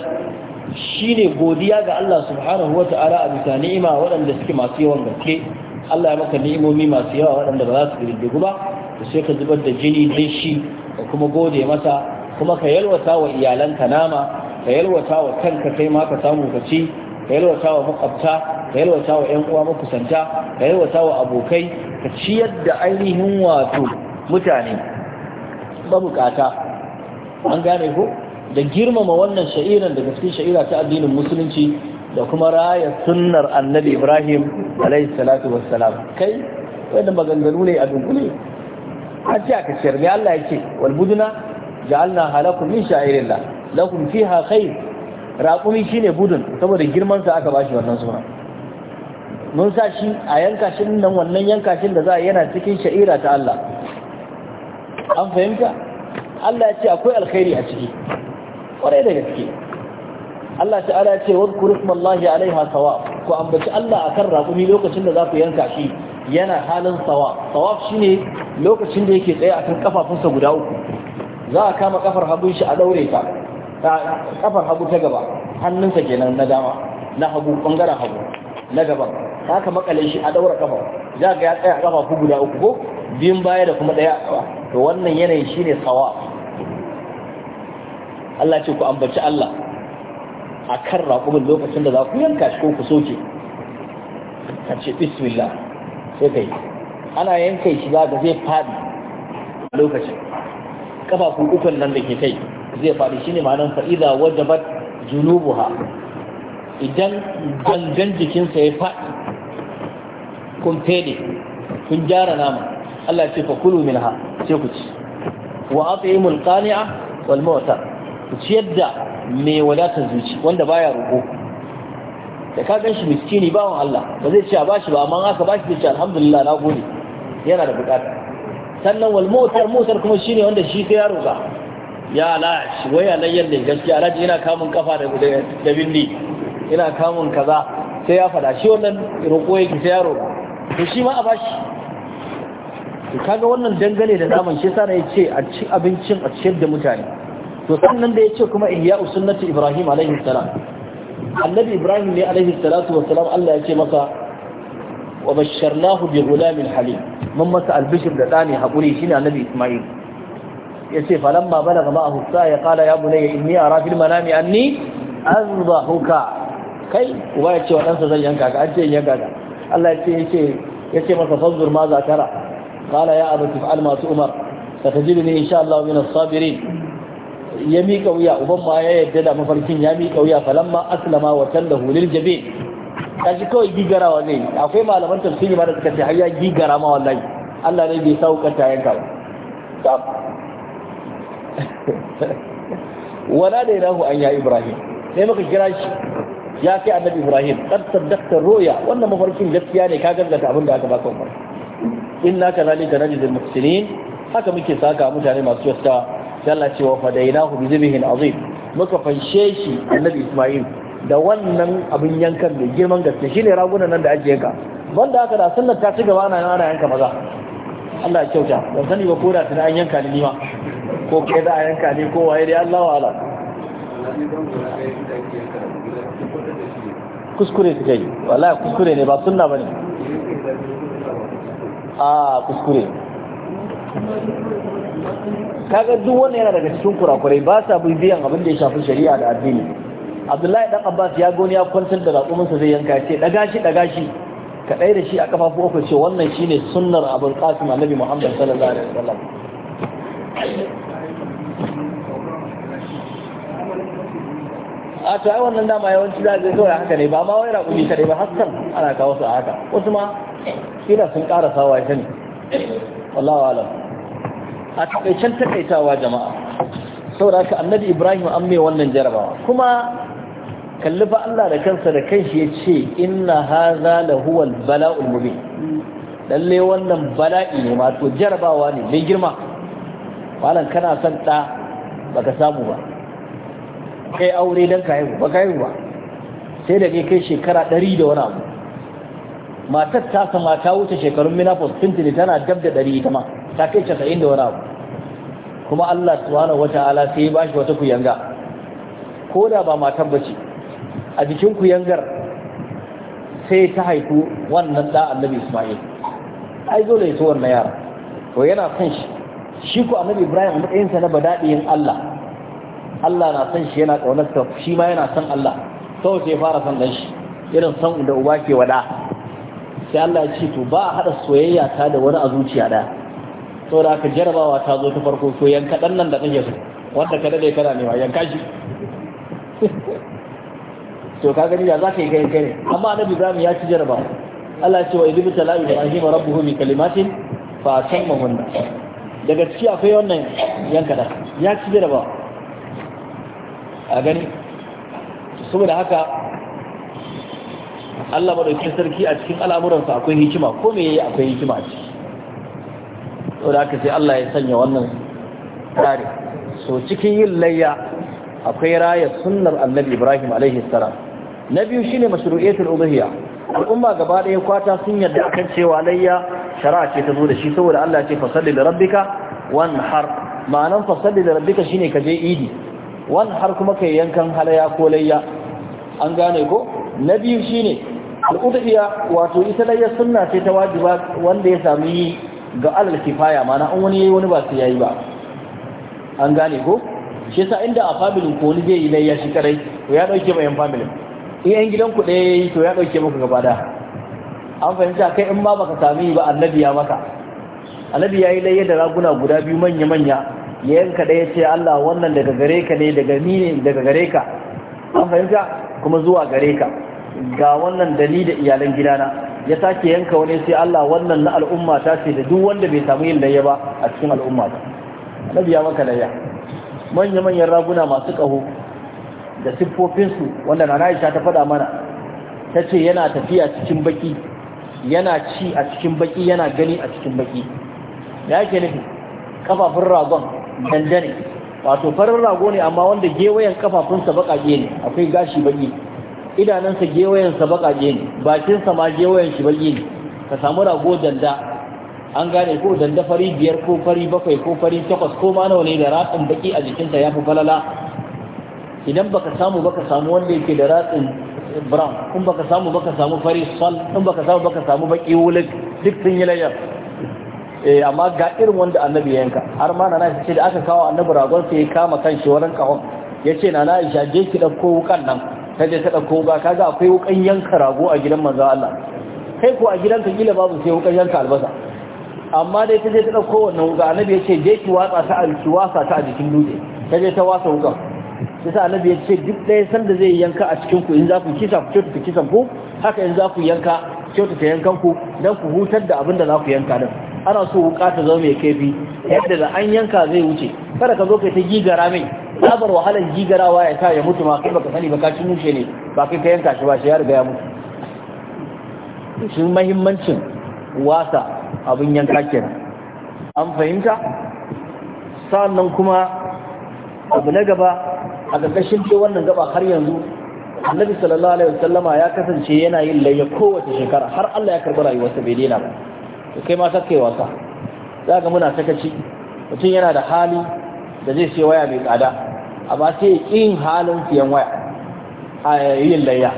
S1: shine godiya ga Allah subhanahu wa ta'ala a bisa ni'ima waɗanda suke masu yawan gaske Allah ya maka ni'imomi masu yawa waɗanda ba za su girgigu ba to sai ka zubar da jini dai shi kuma gode masa kuma ka yalwata wa iyalanka nama ka yalwata wa kanka kai ma ka samu ka ci ka yalwata wa makwabta ka yalwata wa ƴan uwa makusanta ka yalwata wa abokai ka ciyar da ainihin wato mutane mabukata an gane ko da girmama wannan sha'iran daga cikin sha'ira ta addinin musulunci da kuma raya sunnar annabi ibrahim alaihi salatu wassalam kai wanda maganganu ne a dunkule an ce aka ciyar ne allah ya ce walbuduna ja'alna halakum min sha'irillah lakum fiha khair raƙumi shine budun saboda girman sa aka bashi wannan suna mun sa shi a yanka shi nan wannan yanka shin da za a yana cikin sha'ira ta Allah an fahimta Allah ya ce akwai alkhairi a ciki kwarai da gaske Allah ta'ala ya ce wadkuru ismallahi alaiha sawa ku ambaci Allah akan raƙumi lokacin da za ku yanka shi yana halin sawa sawa shine lokacin da yake tsaye akan kafafunsa guda uku za a kama kafar hagun shi a daure ta kafar hagu ta gaba hannunsa kenan na dama na hagu bangaren hagu na gaban haka makale shi a daura kafa za ga ya tsaya kafa guda uku ko biyun baya da kuma daya a to wannan yanayi shine sawa Allah ce ku ambaci Allah a kan raƙumin lokacin da za ku yanka shi ko ku soke ka ce bismillah sai kai ana yanka shi za ga zai fadi lokacin ku ukun nan da ke kai zai faɗi shi ne ma'anar fa'iza wajabat junubuha idan gangan jikinsa ya faɗi kun fede kun gyara nama Allah ce fa kulu ha, ce ku ci wa at'imul qani'a wal mu'tar ku ciyar da mai wadatar zuci wanda baya roƙo da ka gan shi miskini bawan Allah ba zai ce a bashi ba amma aka bashi zai ce alhamdulillah na gode yana da buƙata. sannan wal mu'tar mu'tar kuma shine wanda shi ta ya roƙa ya alash waya alayyar ne gaskiya alaji yana kamun kafa da bindi yana kamun kaza sai ya fada shi wannan roko yake sai ya roƙa to shi ma a bashi to kaga wannan dangane da zaman shi sai ya ce a ci abincin a ciyar da mutane to sannan da ya ce kuma ihya sunnati ibrahim alaihi salam annabi ibrahim ne alaihi salatu wassalam Allah ya ce masa wa basharnahu bi ghulamin halim mun masa albishir da dani hakuri shine annabi isma'il yace falamma balaga ma'ahu sa'a qala ya bunayya inni ara fil manami anni azbahuka kai uba yace wa dansa zan yanka ka an ce yanka ka Allah yace yace yace masa fanzur ma zakara qala ya abati fa'al ma tu'mar satajidni insha Allah min as-sabirin ya miƙa wuya uban ma ya yadda da mafarkin ya miƙa wuya falamma aslama wa tallahu lil jabi kaji kawai gigarawa ne akwai malaman tafsiri ma da suka ce har ya gigara ma wallahi Allah ne bai sauka tayanka ba wala da ilahu an ya ibrahim sai muka kira shi ya kai annabi ibrahim qad saddaqta ruya wannan mafarkin gaskiya ne ka gargata abin da aka baka umar inna kadhalika al muhsinin haka muke saka mutane masu yasta sai Allah ce wa fadainahu bi zibhin azim muka fanshe shi annabi isma'il da wannan abin yankan mai girman gaske shine ragunan nan da ake yanka banda haka da sunnar ta ci gaba ana yanka maza Allah ya kyauta ban sani ba ko da tana an yanka ni ma ko kai da a yanka ne ko waye dai Allah wala kuskure take yi wallahi kuskure ne ba sunna ba ne kuskure kaga duk wannan yana daga cikin kurakurai ba sa biyan abin da ya shafi shari'a da addini abdullahi dan abbas ya goni ya kwantar da raƙuminsa zai yanka ce daga shi daga shi ka ɗaya da shi a kafafu uku ce wannan shine sunnar abul qasim annabi muhammad sallallahu alaihi wasallam a to ai wannan dama yawanci za a kawai haka ne ba ma wai raƙumi kaɗai ba hassan ana kawo su a haka wasu ma kira sun ƙara sawa ya sani wallahu alam a takaicen takaitawa jama'a saboda haka annabi ibrahim an mai wannan jarabawa kuma kalli fa Allah da kansa da shi ya ce inna haza da huwal bala'ul mubin lalle wannan bala'i ne ma jarabawa ne mai girma malam kana son ɗa baka samu ba kai aure don ka haihu ba ka haihu ba sai da kai kai shekara ɗari da wani abu matar ta sama ta wuce shekarun minafos tuntuni tana dab da ɗari ita ma ta kai casa'in da wani abu kuma Allah wata ala sai ya bashi wata kuyanga ko da ba matar ba ce. a jikin kuyangar sai ta haiku wannan da annabi Ismail ai zo da ita na yara to yana kan shi shi ko annabi Ibrahim a matsayinsa sa na badadiyin Allah Allah na san shi yana ƙaunarsa shi ma yana san Allah sau sai fara san dan shi irin san da uba ke wada sai Allah ya ce to ba a hada soyayya ta da wani a zuciya da aka jarabawa ta zo ta farko so yanka dan nan da ɗan so wanda ka dade kana nema yanka shi to ka gani ya za ka yi kai kai ne amma annabi Ibrahim ya ci jarabawa Allah ya ce wa idib talabi da ahim rabbuhu bi kalimatin fa tammahunna daga ciki akwai wannan yanka da ya ci jarabawa a gani saboda haka Allah madaukakin sarki a cikin al'amuransa akwai hikima ko me yayi akwai hikima a ciki saboda haka sai Allah ya sanya wannan tsari so cikin yin layya akwai raya sunnar annabi Ibrahim alaihi na biyu shine mashru'iyatul ubudiyya al'umma gaba ɗaya kwata sun yarda akan cewa layya shari'a ce ta zo da shi saboda Allah ce fasalli li rabbika har. ma'anan fasalli li rabbika shine ka je idi wani har kuma kai yankan halaya ko layya an gane ko na biyu shine al'udhiya wato ita layya sunna ce ta wajiba wanda ya sami yi ga alal kifaya mana an wani yayi wani ba sai yayi ba an gane ko shi sa inda a family ko wani zai yi layya shi karai to ya dauke mai yan family in yan gidan ku ɗaya yayi to ya dauke muku gaba da an fahimta kai in ma baka sami ba annabi ya maka annabi yayi layya da raguna guda biyu manya manya ya yanka da ya ce Allah wannan daga gare ka ne daga ni ne daga gare ka an fahimta kuma zuwa gare ka ga wannan da da iyalan gidana ya sake yanka wani sai Allah wannan na al'umma ta ce da duk wanda bai samu yin layya ba a cikin al'umma ta annabi ya maka layya manya manyan raguna masu kaho da siffofinsu wanda na Aisha ta faɗa mana ta ce yana tafiya cikin baki yana ci a cikin baki yana gani a cikin baki ya ke nufi kafafun ragon dandane wato farin rago ne amma wanda gewayen kafafunsa baƙaƙe ne akwai gashi baƙi idanunsa gewayensa baƙaƙe ne bakinsa ma gewayen shi baƙi ne ka samu rago danda an gane ko danda fari biyar ko fari bakwai ko fari takwas ko ma nawa ne da ratsin baƙi a jikinsa ya fi falala idan baka samu baka samu wanda yake da ratsin brown in baka samu baka samu fari sal in baka samu baka samu baƙi wulik duk sun yi layar eh amma ga irin wanda annabi yanka har ma na ce da aka kawo annabi ragon sai kama kanshi wurin kahon yace na Aisha je ki dauko wukan nan ta je ta dauko ba kaga akwai wukan yanka rago a gidan manzo Allah kai ko a gidan ka gila babu sai wukan yanka albasa amma dai ta je ta dauko wannan wuka annabi yace je ki watsa ta a wasa ta a jikin dutse ta je ta wasa wukan sai annabi yace duk ɗaya sanda zai yanka a cikin ku in za ku kisa ku kyautata kisan ku haka in za ku yanka kyautata yankan ku don ku hutar da abin da za ku yanka din ana so wuka ta zama mai kaifi yadda da an yanka zai wuce kada ka zo kai ta gigara mai labar wahalar gigarawa ya sa ya mutu ma kai baka sani baka cin mushe ne ba kai ka yanka shi ba shi ya riga ya mutu shi mahimmancin wasa abin yanka kenan an fahimta sannan kuma abu na gaba a ƙarƙashin ce wannan gaba har yanzu annabi sallallahu alaihi wasallama ya kasance yana yin layya kowace shekara har Allah ya karɓi rayuwarsa bai daina ba to kai ma kai wasa za ga muna sakaci mutum yana da hali da zai sai waya mai tsada amma sai ƙin halin fiyan waya a yin layya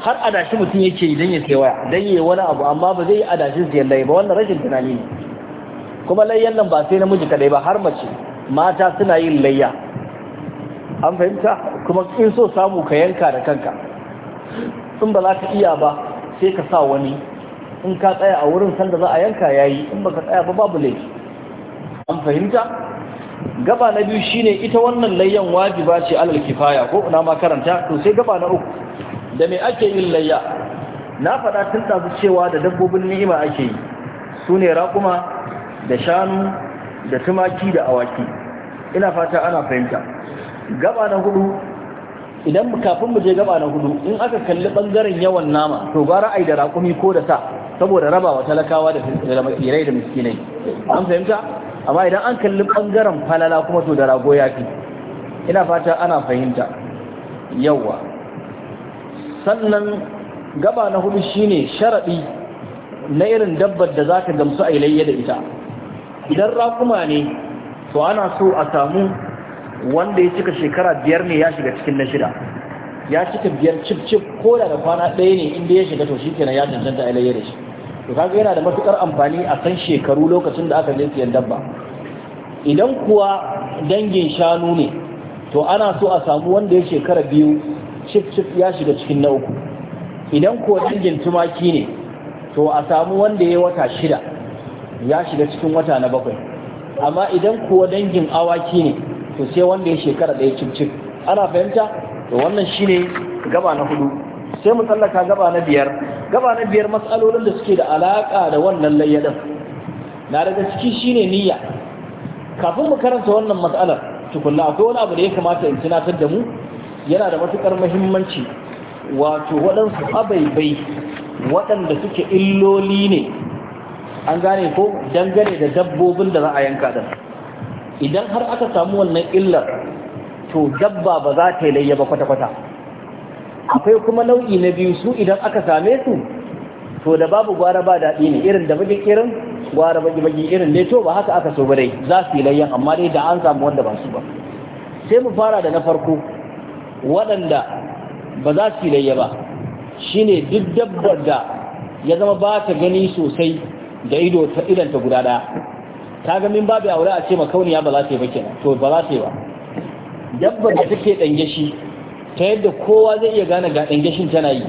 S1: har adashi mutum yake idan ya sai waya dan yi wani abu amma ba zai yi adashin siyan layya ba wannan rashin tunani ne kuma layyan nan ba sai namiji kadai ba har mace mata suna yin layya an fahimta kuma in so samu ka yanka da kanka in ba za ka iya ba sai ka sa wani in ka tsaya a wurin sanda za a yanka yayi in ba ka tsaya ba babu laifi an fahimta gaba na biyu shine ita wannan layyan wajiba ce alal kifaya ko ina ma karanta to sai gaba na uku da me ake yin layya na faɗa tun tafi cewa da dabbobin ni'ima ake yi su ne raƙuma da shanu da tumaki da awaki ina fata ana fahimta gaba na hudu idan kafin mu je gaba na hudu in aka kalli bangaren yawan nama to gara ai da raƙumi ko da sa saboda rabawa talakawa da makirai da miskinai an fahimta amma idan an kalli bangaren falala kuma to da rago ya fi ina fata ana fahimta yawa sannan gaba na hudu shine sharaɗi na irin dabbar da za ka gamsu a ilayya da ita idan raƙuma ne to ana so a samu wanda ya cika shekara biyar ne ya shiga cikin na shida ya cika biyar cif cif ko da kwana ɗaya ne inda ya shiga to shi kenan ya cancanta a ilayya da shi to kaga yana da matukar amfani a kan shekaru lokacin da aka je siyan dabba idan kuwa dangin shanu ne to ana so a samu wanda ya shekara biyu cif cif ya shiga cikin na uku idan kuwa dangin tumaki ne to a samu wanda ya wata shida ya shiga cikin wata na bakwai amma idan kuwa dangin awaki ne to sai wanda ya shekara ɗaya cif cif ana fahimta to wannan shine gaba na hudu sai mu tsallaka gaba na biyar gaba na biyar matsalolin da suke da alaƙa da wannan layyadan na daga ciki shi ne niyya kafin mu karanta wannan matsalar tukunna akwai wani abu da ya kamata in tunatar da mu yana da matukar mahimmanci wato waɗansu abaibai waɗanda suke illoli ne an gane ko dangane da dabbobin da za a yanka da, idan har aka samu wannan illar to dabba ba za ta yi layya ba kwata-kwata akwai kuma nau'i na biyu su idan aka same su to da babu gwara ba daɗi ne irin da bagi irin gwara bagi bagi irin ne to ba haka aka so ba dai za su yi layyan amma dai da an samu wanda ba su ba sai mu fara da na farko waɗanda ba za su yi layya ba shine duk dabbar da ya zama ba ta gani sosai da ido ta idan ta guda ɗaya ta ga min babu aure a ce ma, kauniya ba za ta yi ba kenan to ba za ta yi ba dabbar da take ɗange shi ta yadda kowa zai iya gane ga dangashin tana yi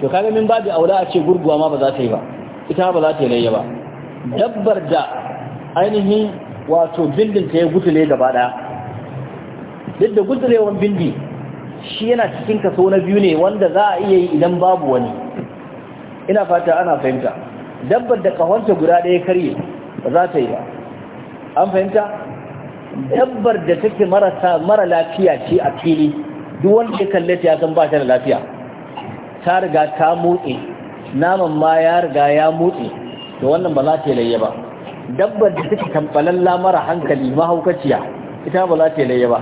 S1: to kaga min babu aure a ce gurguwa ma ba za ta yi ba ita ba za ta yi ba dabbar da ainihin wato bindin ta ya gutule gaba daya duk da gutulewan bindi shi yana cikin kaso na biyu ne wanda za a iya yi idan babu wani ina fata ana fahimta dabbar da kahonta guda ɗaya karye ba za ta yi ba an fahimta dabbar da take mara lafiya ce a fili duk wanda ya kalle ta ya san ba ta da lafiya ta riga ta motsi naman ma ya riga ya motsi to wannan ba za ta layya ba dabbar da take kamfalan lamara hankali mahaukaciya ita ba za ta layya ba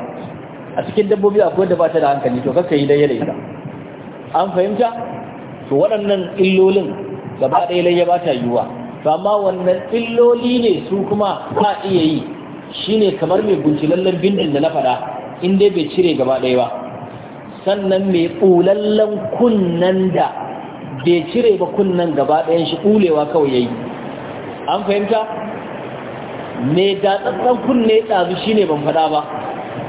S1: a cikin dabbobi akwai da ba ta da hankali to kaka yi da da ita an fahimta to waɗannan illolin gaba ɗaya layya ba ta yiwuwa to amma wannan illoli ne su kuma ba iya yi shine kamar mai gunci bindin da na faɗa in dai bai cire gaba ɗaya ba sannan mai ɓulallen kunnen da bai cire ba kunnen gaba ɗayan shi ɓulewa kawai ya yi an fahimta mai datsatsen kunne ɗazu shi ne ban faɗa ba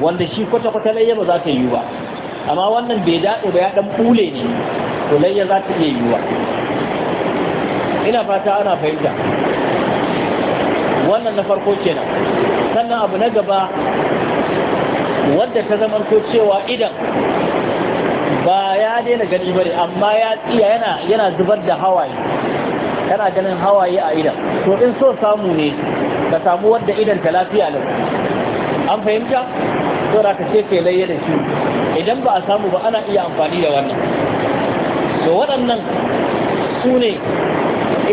S1: wanda shi kwata-kwata layya ba za ta yi ba amma wannan bai daɗe ba ya ɗan ɓule ne to layya za ta iya ba. ina fata ana fahimta wannan na farko kenan sannan abu na gaba wadda ta ko cewa idan ba ya daina gani bane amma ya tsiya yana yana zubar da hawaye yana ganin hawaye a idan to in so samu ne ka samu wanda idan ta lafiya lau an fahimta to da ka ce kai laye da shi idan ba a samu ba ana iya amfani da wannan to waɗannan su ne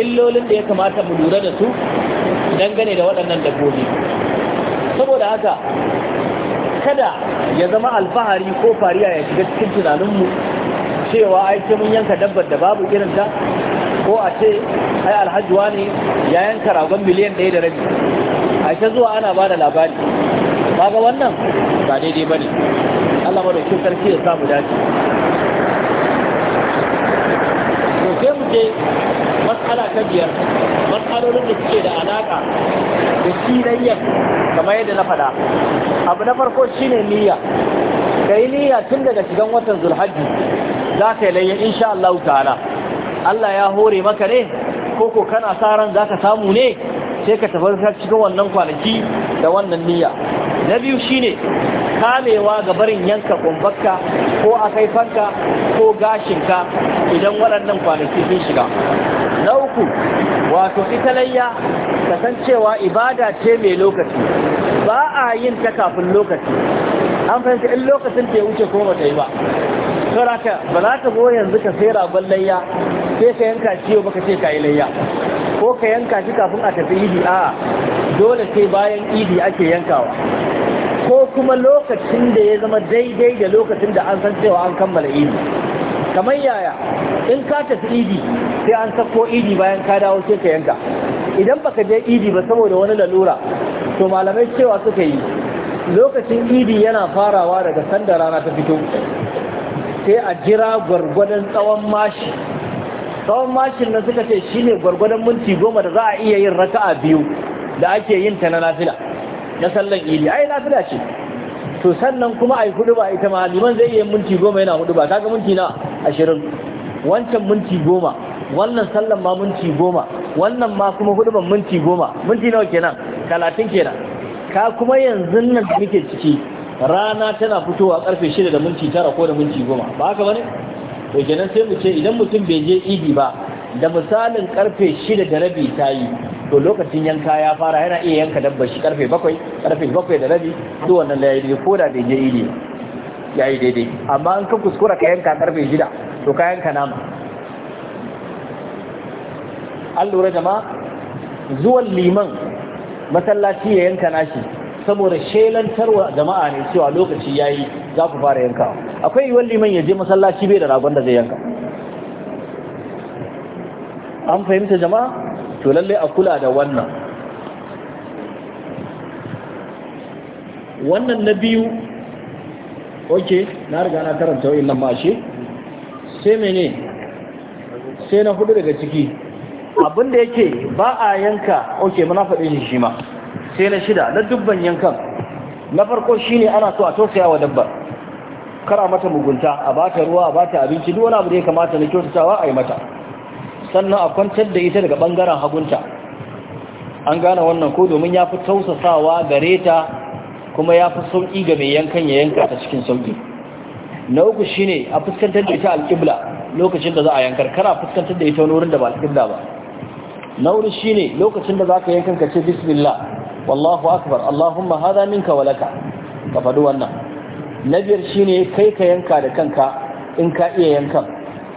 S1: illolin da ya kamata mu lura da su dangane da waɗannan dabbobi saboda haka kada ya zama alfahari ko fariya ya shiga cikin tunaninmu cewa ai mun yanka dabbar da babu irin ta ko a ce ai alhajuwa ne ya yanka ragon miliyan ɗaya da rabi a ce zuwa ana ba da labari ba ga wannan ba daidai ba ne Allah madaukin sarki ya samu dace sai matsala ta biyar matsalolin da suke da alaka da shi niyyar kamar yadda na faɗa abu na farko shine niyya ka yi niyya tun daga shigan watan zulhajji za ka yi layya insha Allah ta'ala Allah ya hore maka ne koko kana sa ran za ka samu ne sai ka tafi cikin wannan kwanaki da wannan niyya na biyu shine kamewa ga barin yanka kumbakka ko akaifanka ko gashinka idan waɗannan kwanaki sun shiga na uku wato ita layya kasancewa ibada ce mai lokaci ba a yin ta kafin lokaci an fahimta in lokacin ta ya wuce ko ta yi ba sauraka ba za ka zo yanzu ka sai ragon layya sai ka yanka ciwo ba baka ce ka yi layya ko ka yanka shi kafin a tafi idi a dole sai bayan idi ake yankawa kuma lokacin da ya zama daidai da lokacin da an san cewa an kammala idi kamar yaya in ka tafi idi sai an sako idi bayan ka dawo sai ka yanka idan baka je idi ba saboda wani lalura to malamai cewa suka yi lokacin idi yana farawa daga sanda rana ta fito sai a jira gwargwadon tsawon mashi tsawon mashin nan suka ce shine gwargwadon minti goma da za a iya yin raka'a biyu da ake yin ta na nafila na sallan idi ai nafila ce to sannan kuma a yi hudu ba ita ma liman zai iya minti goma yana hudu ba kaga minti na ashirin wancan minti goma wannan sallan ma minti goma wannan ma kuma hudu ban minti goma minti nawa kenan talatin kenan ka kuma yanzu nan da muke ciki rana tana fitowa karfe shida da minti tara ko da minti goma ba haka bane to kenan sai mu ce idan mutum bai je idi ba da misalin karfe shida da rabi ta yi to lokacin yanka ya fara yana iya yanka dabba shi karfe bakwai karfe bakwai da rabi su wannan da ya yi ko da daidai je ya yi daidai amma an ka kuskura ka yanka karfe shida to ka yanka nama an lura jama'a zuwan liman masallaci ya yanka nashi saboda shelantarwa jama'a ne cewa lokaci ya yi za ku fara yankawa akwai yiwuwar liman ya je masallaci bai da ragon da zai yanka an fahimta jama'a to lalle a kula da wannan wannan na biyu ok na riga na karanta wa'in nan mashi sai mene sai na hudu daga ciki abinda yake ba a yanka ok muna faɗin shi ma sai na shida na dubban yankan na farko shine ana so a tosaya wa dabbar kara mata mugunta a bata ruwa a bata abinci duk abu da ya kamata na kyautatawa a yi mata sannan a kwantar da ita daga bangaren hagunta an gane wannan ko domin ya fi tausasawa gare ta kuma ya fi sauƙi ga mai yankan ya yanka ta cikin sauƙi na uku ne a fuskantar da ita alƙibla lokacin da za a yankar kara fuskantar da ita wani wurin da ba alƙibla ba na shi ne lokacin da za ka yankan ka ce bismillah wallahu akbar allahumma hada minka walaka ka faɗi wannan na biyar ne kai ka yanka da kanka in ka iya yankan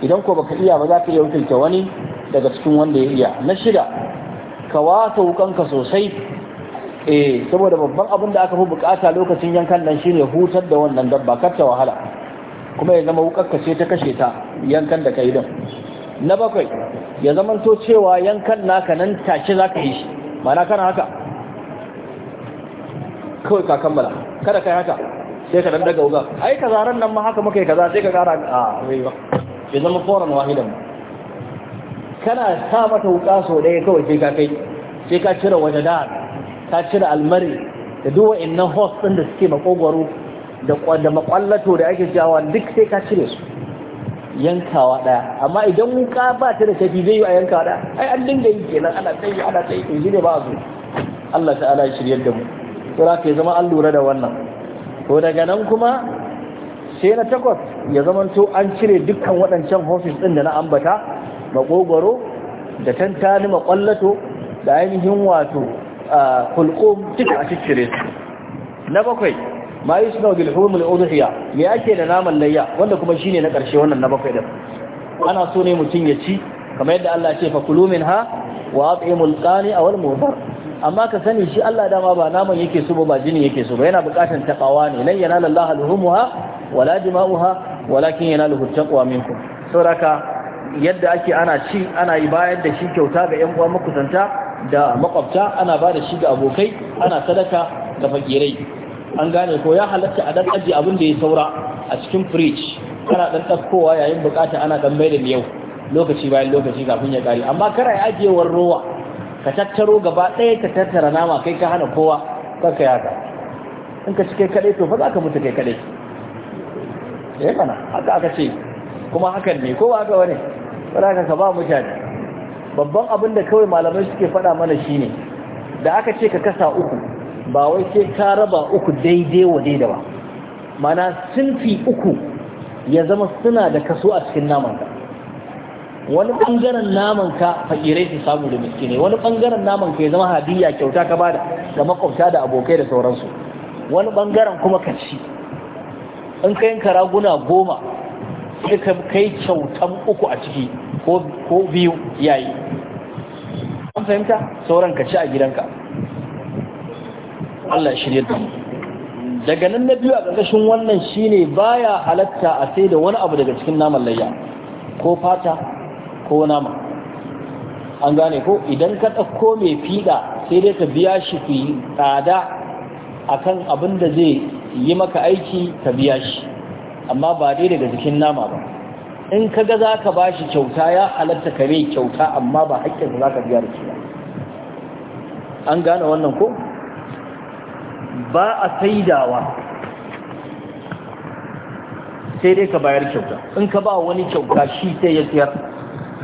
S1: idan ko baka iya ba za ka iya wakilta wani daga cikin wanda ya iya na shida ka wata wukanka sosai eh saboda babban abin da aka fi bukata lokacin yankan nan shine hutar da wannan dabba kar ta wahala kuma ya zama wukarka ce ta kashe ta yankan da ka yi din na bakwai ya zamanto cewa yankan naka nan tashi za ka yi shi mana kana haka kawai ka kammala kada kai haka sai ka dan daga wuga ai kazaran nan ma haka muka yi kaza sai ka kara a bai ba ya zama foran wahidan ba kana sa mata wuka so ɗaya kawai sai ka kai sai ka cire wajen da ka cire almari da duk inna host ɗin da suke makogwaro da makwallato da ake jawa duk sai ka cire su yankawa ɗaya amma idan wuka ba ta da tafi zai yi a yankawa ɗaya ai an dinga yi kenan ana tsayi ana tsayi to shi ne ba su Allah ta'ala ya shiryar da mu to za ka zama an lura da wannan to daga nan kuma sai na takwas ya zamanto an cire dukkan waɗancan hofis ɗin da na ambata makogoro da tantani maƙwallato, da ainihin wato kulkum duka a cikire su na bakwai ma yi suna bil hurmul me ake da naman layya wanda kuma ne na ƙarshe wannan na bakwai din ana so ne mutum ya ci kamar yadda Allah ce fa kulu ha, wa at'imul qani a wani mudhar amma ka sani shi Allah dama ba naman yake so ba jinin jini yake so ba yana bukatan taɓawa ne lan yana lallaha al wala dima'uha walakin yana at-taqwa minkum sauraka yadda ake ana ci ana yi bayar da shi kyauta ga yan uwa makusanta da makwabta ana ba da shi ga abokai ana sadaka ga fakirai an gane ko ya halatta a dan aji abin da ya saura a cikin fridge kana dan ɗaukowa yayin bukata ana dan mai da miyau lokaci bayan lokaci kafin ya kare amma kara ya ajiyewar rowa ka tattaro gaba ɗaya ka tattara nama kai ka hana kowa kanka ya haka in ka ci kai kaɗai to fa za ka mutu kai kaɗai ya eh kana haka aka ce kuma hakan ne ko ba haka wani saboda ka ba mutane babban abin da kawai malamai suke faɗa mana shine da aka ce ka kasa uku ba wai sai ka raba uku daidai wa daida ba mana sinfi uku ya zama suna da kaso a cikin namanka wani bangaren namanka fakirai su samu da miskine wani bangaren namanka ya zama hadiyya kyauta ka bada ga makwabta da abokai da sauransu wani bangaren kuma ka ci in ka yanka raguna goma suka ka kai kyautan uku a ciki ko biyu yayi an fahimta sauran ka ci a gidanka Allah shirye da daga nan na biyu a ƙarƙashin wannan shine baya halatta a sai da wani abu daga cikin naman layya ko fata ko nama an gane ko idan ka ɗauko mai fiɗa sai dai ka biya shi fi tsada akan abin da zai yi maka aiki ka biya shi amma ba dai daga jikin nama ba in ka ga za ka ba shi kyauta ya halatta ka rai kyauta amma ba haƙƙinsa za ka biya da shi ba an gane wannan ko ba a saidawa sai dai ka bayar kyauta in ka ba wani kyauta shi sai ya siyar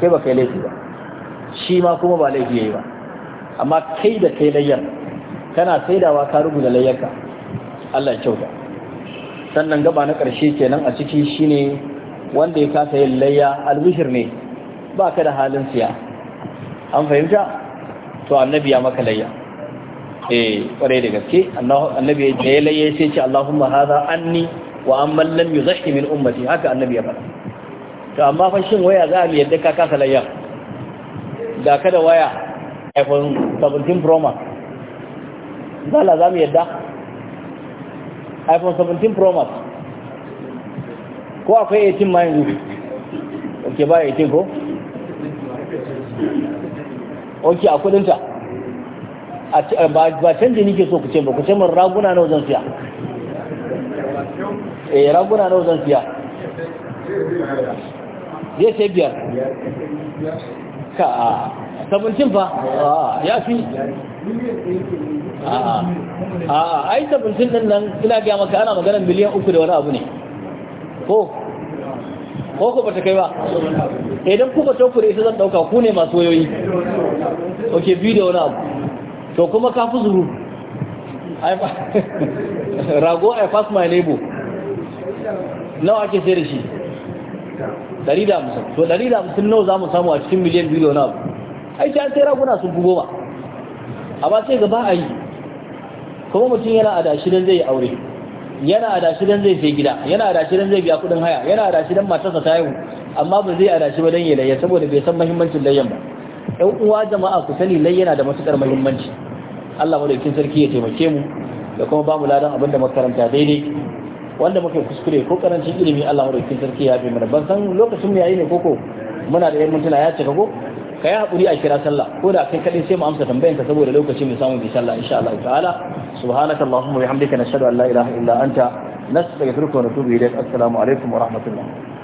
S1: kai ba kai laifi ba shi ma kuma ba laifi yi ba amma kai da kai layyar kana saidawa ka rubuta layyarka Allah ya kyauta sannan gaba na ƙarshe kenan a ciki shine wanda ya kasa yin layya albishir ne ba ka da halin siya an fahimta to annabi ya maka layya eh kware da gaske annabi ya yi layya sai ce Allahumma an anni wa an amman yi zashi min ummati haka annabi ya faɗa to amma fa shin waya za mu yadda ka kasa layya Da ka da waya iPhone 17 Pro Max la za mu yadda iphone 17 pro max ko akwai 18 ma yanzu ok ba 18 ko ok a kudinta ba canji nike so ku ce ba ku ce min raguna na zan siya e raguna na zan siya zai sai biyar ka 17 fa ya fi a'a ai tabbatin din nan ina ga maka ana maganar miliyan uku da wani abu ne ko ko ku bata kai ba idan ku bata ku da ita zan dauka ku ne masu wayoyi oke biyu da wani abu to kuma ka fi zuru rago i pass my label nawa ake sai da shi Dari da 150 to dari da 150 nawa za mu samu a cikin miliyan biyu da wani abu ai ta sai raguna sun fi goma amma sai gaba a yi kuma mutum yana adashi don zai aure yana adashi don zai sai gida yana adashi don zai biya kudin haya yana adashi don matarsa ta amma ba zai adashi ba don ya layya saboda bai san mahimmancin layyan ba yan uwa jama'a ku sani layyana da matukar mahimmanci. Allah madaukakin sarki ya taimake mu da kuma bamu ladan abin da makaranta daidai wanda muke kuskure ko karancin ilimi Allah madaukakin sarki ya bi mana ban san lokacin mu yayi ne koko muna da yan mintuna ya cika ko ka yi haƙuri a kira sallah ko da kai kaɗai sai mu amsa tambayanka saboda lokaci mai samu bi sallah insha Allah ta'ala subhanaka allahumma wa bihamdika nashhadu an la ilaha illa anta nastaghfiruka wa natubu ilayk assalamu alaikum wa rahmatullah